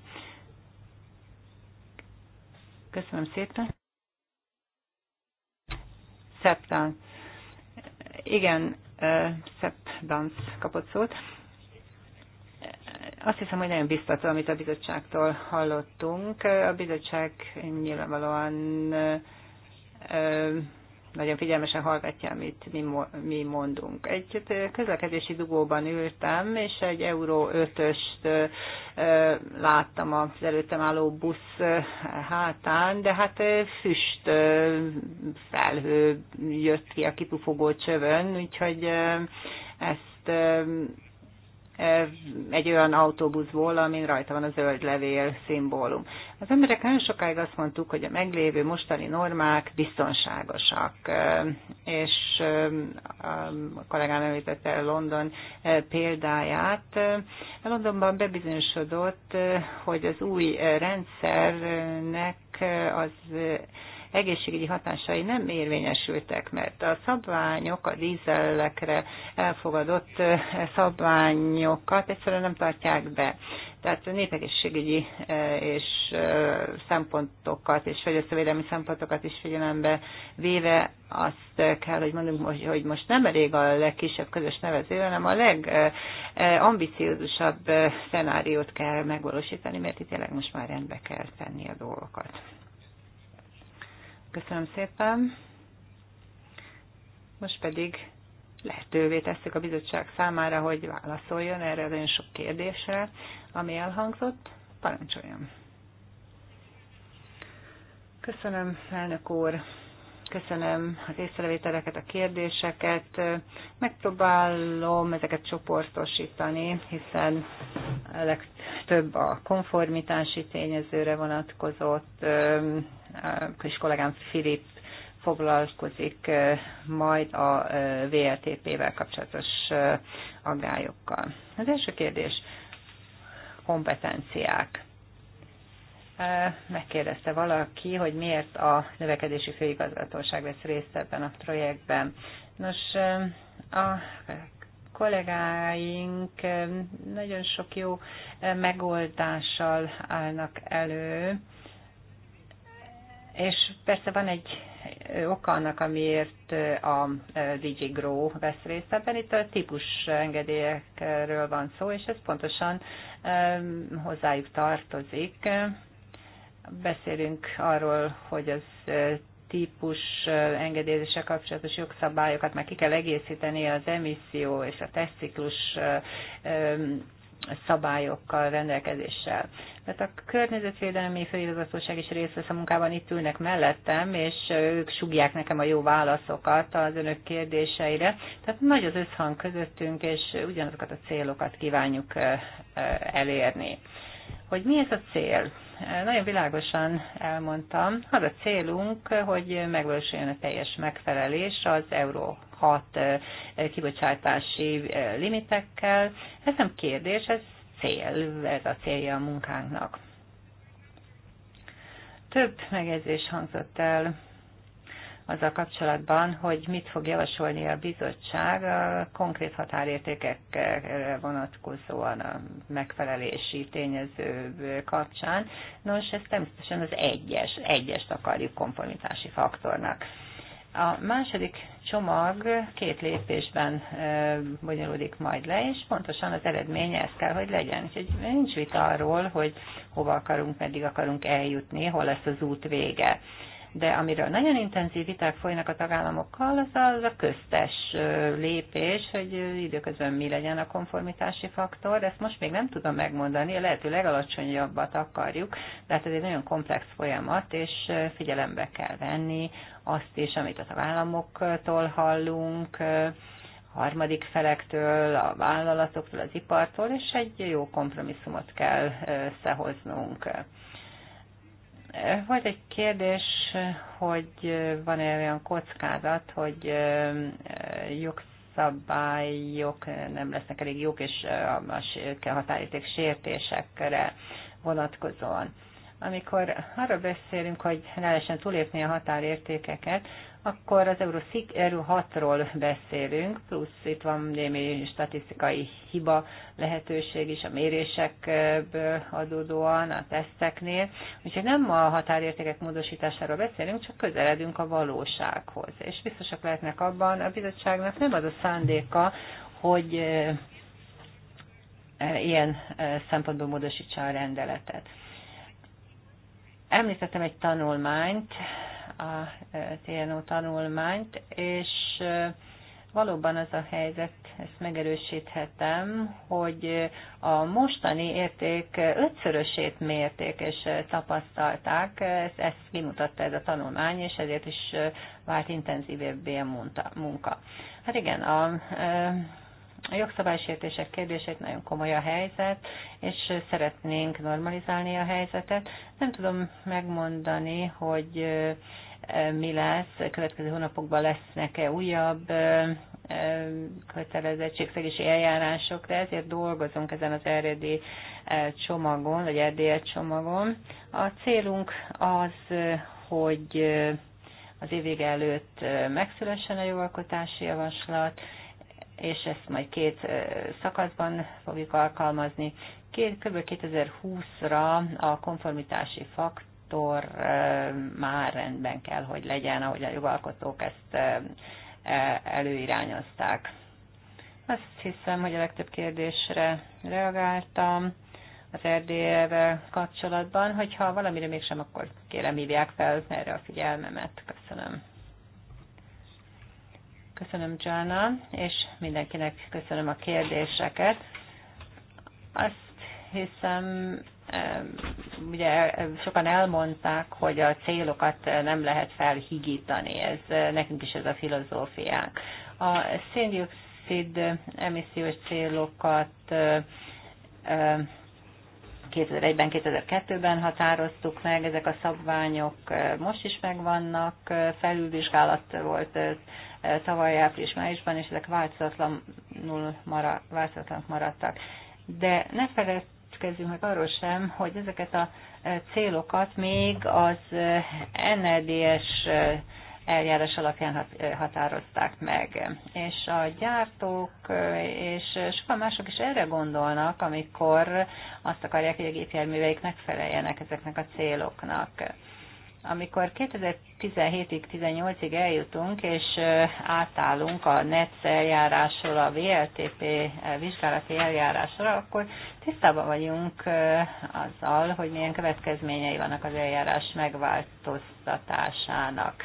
[SPEAKER 3] Köszönöm szépen. Szeptán. Igen, Szeptánc kapott szót. Azt hiszem, hogy nagyon biztató, amit a bizottságtól hallottunk. A bizottság nyilvánvalóan nagyon figyelmesen hallgatja, amit mi, mi mondunk. Egy közlekedési dugóban ültem, és egy Euró ötöst láttam az előttem álló busz hátán, de hát füst felhő jött ki a kipufogó csövön, úgyhogy ezt egy olyan autóbuszból, amin rajta van a zöld levél szimbólum. Az emberek nagyon sokáig azt mondtuk, hogy a meglévő mostani normák biztonságosak, és a kollégám említette London példáját. Londonban bebizonyosodott, hogy az új rendszernek az egészségügyi hatásai nem érvényesültek, mert a szabványok, a dízelekre elfogadott eh, szabványokat egyszerűen nem tartják be. Tehát népegészségügyi eh, és eh, szempontokat és fogyasztóvédelmi szempontokat is figyelembe véve azt kell, hogy mondjuk, hogy most nem elég a legkisebb közös nevező, hanem a legambiciózusabb szenáriót kell megvalósítani, mert itt tényleg most már rendbe kell tenni a dolgokat. Köszönöm szépen. Most pedig lehetővé tesszük a bizottság számára, hogy válaszoljon erre az nagyon sok kérdésre, ami elhangzott. Parancsoljon! Köszönöm, elnök úr! köszönöm az észrevételeket, a kérdéseket. Megpróbálom ezeket csoportosítani, hiszen a legtöbb a konformitási tényezőre vonatkozott, és kollégám Filip foglalkozik majd a VLTP-vel kapcsolatos aggályokkal. Az első kérdés, kompetenciák megkérdezte valaki, hogy miért a növekedési főigazgatóság vesz részt ebben a projektben. Nos, a kollégáink nagyon sok jó megoldással állnak elő, és persze van egy oka annak, amiért a DJ vesz részt ebben. Itt a típus engedélyekről van szó, és ez pontosan hozzájuk tartozik, beszélünk arról, hogy az típus engedélyezése kapcsolatos jogszabályokat meg ki kell egészíteni az emisszió és a testciklus szabályokkal, rendelkezéssel. Mert a környezetvédelmi főigazgatóság is részt vesz a munkában, itt ülnek mellettem, és ők sugják nekem a jó válaszokat az önök kérdéseire. Tehát nagy az összhang közöttünk, és ugyanazokat a célokat kívánjuk elérni hogy mi ez a cél. Nagyon világosan elmondtam, az a célunk, hogy megvalósuljon a teljes megfelelés az Euró 6 eh, kibocsátási eh, limitekkel. Ez nem kérdés, ez cél, ez a célja a munkánknak. Több megjegyzés hangzott el azzal kapcsolatban, hogy mit fog javasolni a bizottság a konkrét határértékekre vonatkozóan a megfelelési tényező kapcsán. Nos, ez természetesen az egyes, egyest akarjuk konformitási faktornak. A második csomag két lépésben bonyolódik majd le, és pontosan az eredmény ez kell, hogy legyen. Úgyhogy nincs vita arról, hogy hova akarunk, meddig akarunk eljutni, hol lesz az út vége. De amiről nagyon intenzív viták folynak a tagállamokkal, az a, az a köztes lépés, hogy időközben mi legyen a konformitási faktor. Ezt most még nem tudom megmondani, a lehető legalacsonyabbat akarjuk, de hát ez egy nagyon komplex folyamat, és figyelembe kell venni azt is, amit a tagállamoktól hallunk, harmadik felektől, a vállalatoktól, az ipartól, és egy jó kompromisszumot kell összehoznunk. Volt egy kérdés, hogy van-e olyan kockázat, hogy jogszabályok nem lesznek elég jók, és a határíték sértésekre vonatkozóan. Amikor arra beszélünk, hogy lehessen túlépni a határértékeket, akkor az euró 6-ról beszélünk, plusz itt van némi statisztikai hiba lehetőség is a mérésekből adódóan, a teszteknél. Úgyhogy nem a határértékek módosításáról beszélünk, csak közeledünk a valósághoz. És biztosak lehetnek abban, a bizottságnak nem az a szándéka, hogy ilyen szempontból módosítsa a rendeletet. Említettem egy tanulmányt, a e, TNO tanulmányt, és e, valóban az a helyzet, ezt megerősíthetem, hogy a mostani érték ötszörösét mérték és e, tapasztalták, ezt kimutatta ez a tanulmány, és ezért is vált intenzívebbé a munka. Hát igen, a a jogszabálysértések kérdését nagyon komoly a helyzet, és szeretnénk normalizálni a helyzetet. Nem tudom megmondani, hogy mi lesz, következő hónapokban lesznek-e újabb kötelezettségszegési eljárások, de ezért dolgozunk ezen az RD csomagon, vagy RDL csomagon. A célunk az, hogy az évvége előtt megszülessen a jogalkotási javaslat, és ezt majd két szakaszban fogjuk alkalmazni. Két, kb. 2020-ra a konformitási faktor szektor már rendben kell, hogy legyen, ahogy a jogalkotók ezt e, előirányozták. Azt hiszem, hogy a legtöbb kérdésre reagáltam az erdélyvel kapcsolatban. Hogyha valamire mégsem, akkor kérem hívják fel erre a figyelmemet. Köszönöm. Köszönöm, Jana, és mindenkinek köszönöm a kérdéseket. Azt hiszem ugye sokan elmondták, hogy a célokat nem lehet felhigítani, ez eh, nekünk is ez a filozófiánk. A széndiokszid emissziós célokat 2001-ben, eh, 2002-ben határoztuk meg, ezek a szabványok eh, most is megvannak, felülvizsgálat volt ez tavaly április-májusban, és ezek változatlanul mara, változatlanak maradtak. De ne feled, feledkezzünk meg arról sem, hogy ezeket a e, célokat még az e, NLDS e eljárás alapján határozták meg. És a gyártók és sokan mások is erre gondolnak, amikor azt akarják, hogy a gépjárműveik megfeleljenek ezeknek a céloknak. Amikor 2017-ig, 18-ig eljutunk, és átállunk a NETS eljárásról, a VLTP vizsgálati eljárásról, akkor tisztában vagyunk azzal, hogy milyen következményei vannak az eljárás megváltoztatásának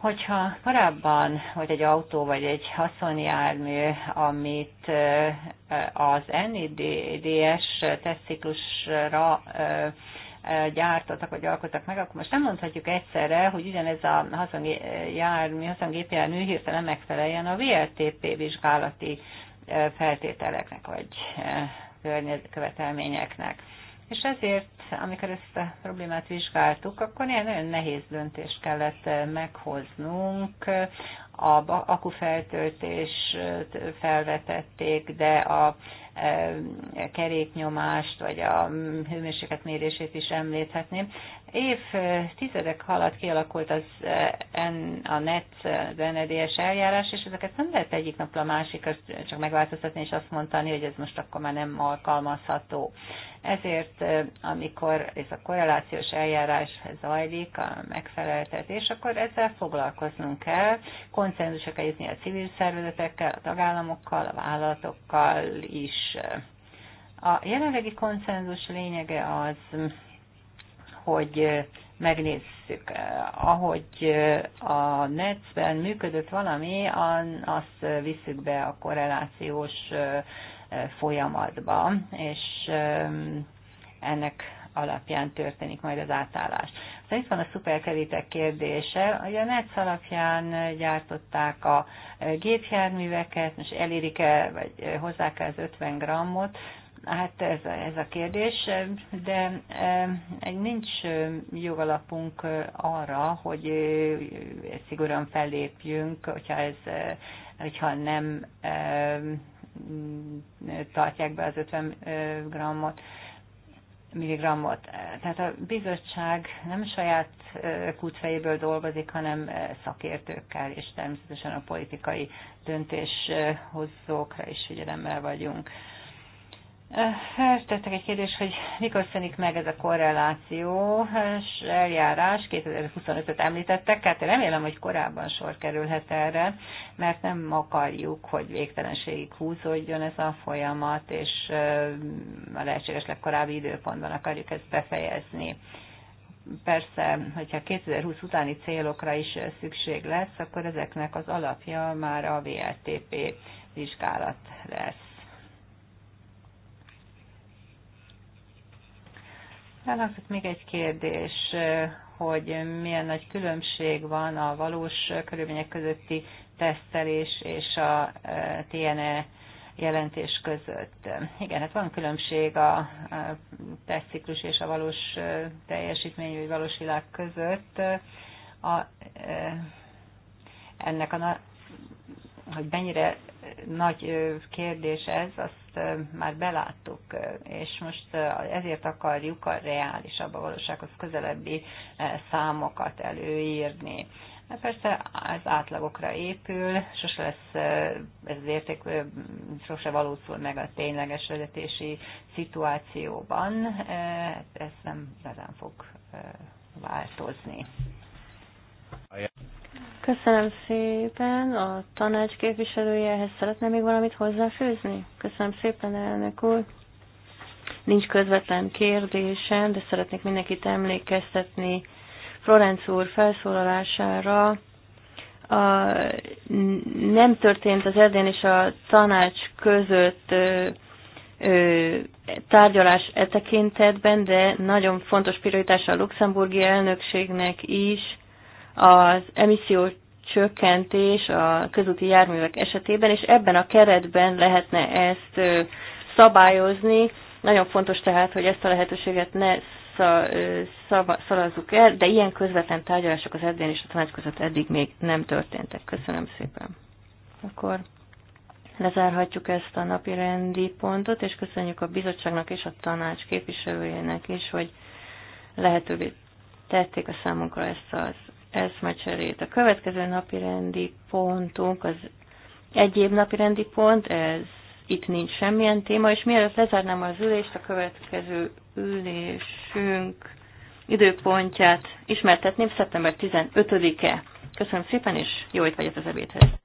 [SPEAKER 3] hogyha korábban volt egy autó vagy egy haszonjármű, amit az NIDS tesztciklusra gyártottak vagy alkottak meg, akkor most nem mondhatjuk egyszerre, hogy ugyanez a haszongépjármű, haszongépjármű hirtelen megfeleljen a VLTP vizsgálati feltételeknek vagy követelményeknek. És ezért, amikor ezt a problémát vizsgáltuk, akkor ilyen nagyon nehéz döntést kellett meghoznunk. A akufeltöltés felvetették, de a keréknyomást, vagy a hőmérséklet mérését is említhetném. Tizedek haladt kialakult az a NET, az NEDS eljárás, és ezeket nem lehet egyik napra a másik, csak megváltoztatni, és azt mondani, hogy ez most akkor már nem alkalmazható. Ezért, amikor ez a korrelációs eljárás zajlik, a megfeleltetés, akkor ezzel foglalkoznunk kell, konszenzusra kell jutni a civil szervezetekkel, a tagállamokkal, a vállalatokkal is. A jelenlegi konszenzus lényege az, hogy megnézzük, ahogy a netben működött valami, azt visszük be a korrelációs folyamatba, és ennek alapján történik majd az átállás. Szóval itt van a szuperkerítek kérdése. Ugye a NETS alapján gyártották a gépjárműveket, most elérik-e, vagy hozzák -e az 50 grammot, Hát ez, ez a kérdés, de nincs jogalapunk arra, hogy szigorúan fellépjünk, hogyha ez hogyha nem Mm, tartják be az 50 grammot milligrammot. Tehát a bizottság nem saját kutfejéből dolgozik, hanem szakértőkkel, és természetesen a politikai döntéshozókra is figyelemmel vagyunk. Feltettek eh, egy kérdést, hogy mikor szűnik meg ez a korreláció, és eljárás, 2025-öt említettek, hát én remélem, hogy korábban sor kerülhet erre, mert nem akarjuk, hogy végtelenségig húzódjon ez a folyamat, és eh, a lehetséges legkorábbi időpontban akarjuk ezt befejezni persze, hogyha 2020 utáni célokra is szükség lesz, akkor ezeknek az alapja már a VLTP vizsgálat lesz. Elhangzott még egy kérdés, hogy milyen nagy különbség van a valós körülmények közötti tesztelés és a TNE e jelentés között. Igen, hát van különbség a e, tesztciklus és a valós e, teljesítmény vagy valós világ között. A, ennek a, hogy mennyire nagy kérdés ez, azt már beláttuk, és most ezért akarjuk a reálisabb, a valósághoz közelebbi számokat előírni. Hát persze az átlagokra épül, sose lesz ez az érték, sose valószul meg a tényleges vezetési szituációban, hát ez nem igazán fog változni.
[SPEAKER 5] Köszönöm szépen. A tanács képviselője ehhez szeretne még valamit hozzáfőzni? Köszönöm szépen, elnök úr. Nincs közvetlen kérdésem, de szeretnék mindenkit emlékeztetni Florenc úr felszólalására. A, nem történt az Erdén és a tanács között ö, ö, tárgyalás e tekintetben, de nagyon fontos prioritása a luxemburgi elnökségnek is, az emisszió csökkentés a közúti járművek esetében, és ebben a keretben lehetne ezt szabályozni. Nagyon fontos tehát, hogy ezt a lehetőséget ne szalazzuk el, de ilyen közvetlen tárgyalások az edén és a tanács között eddig még nem történtek. Köszönöm szépen. Akkor lezárhatjuk ezt a napi rendi pontot, és köszönjük a bizottságnak és a tanács képviselőjének is, hogy lehetővé tették a számunkra ezt az eszmecserét. A következő napi rendi pontunk, az egyéb napi rendi pont, ez itt nincs semmilyen téma, és mielőtt lezárnám az ülést, a következő ülésünk időpontját ismertetném szeptember 15-e. Köszönöm szépen, és jó itt vagy az ebédhez.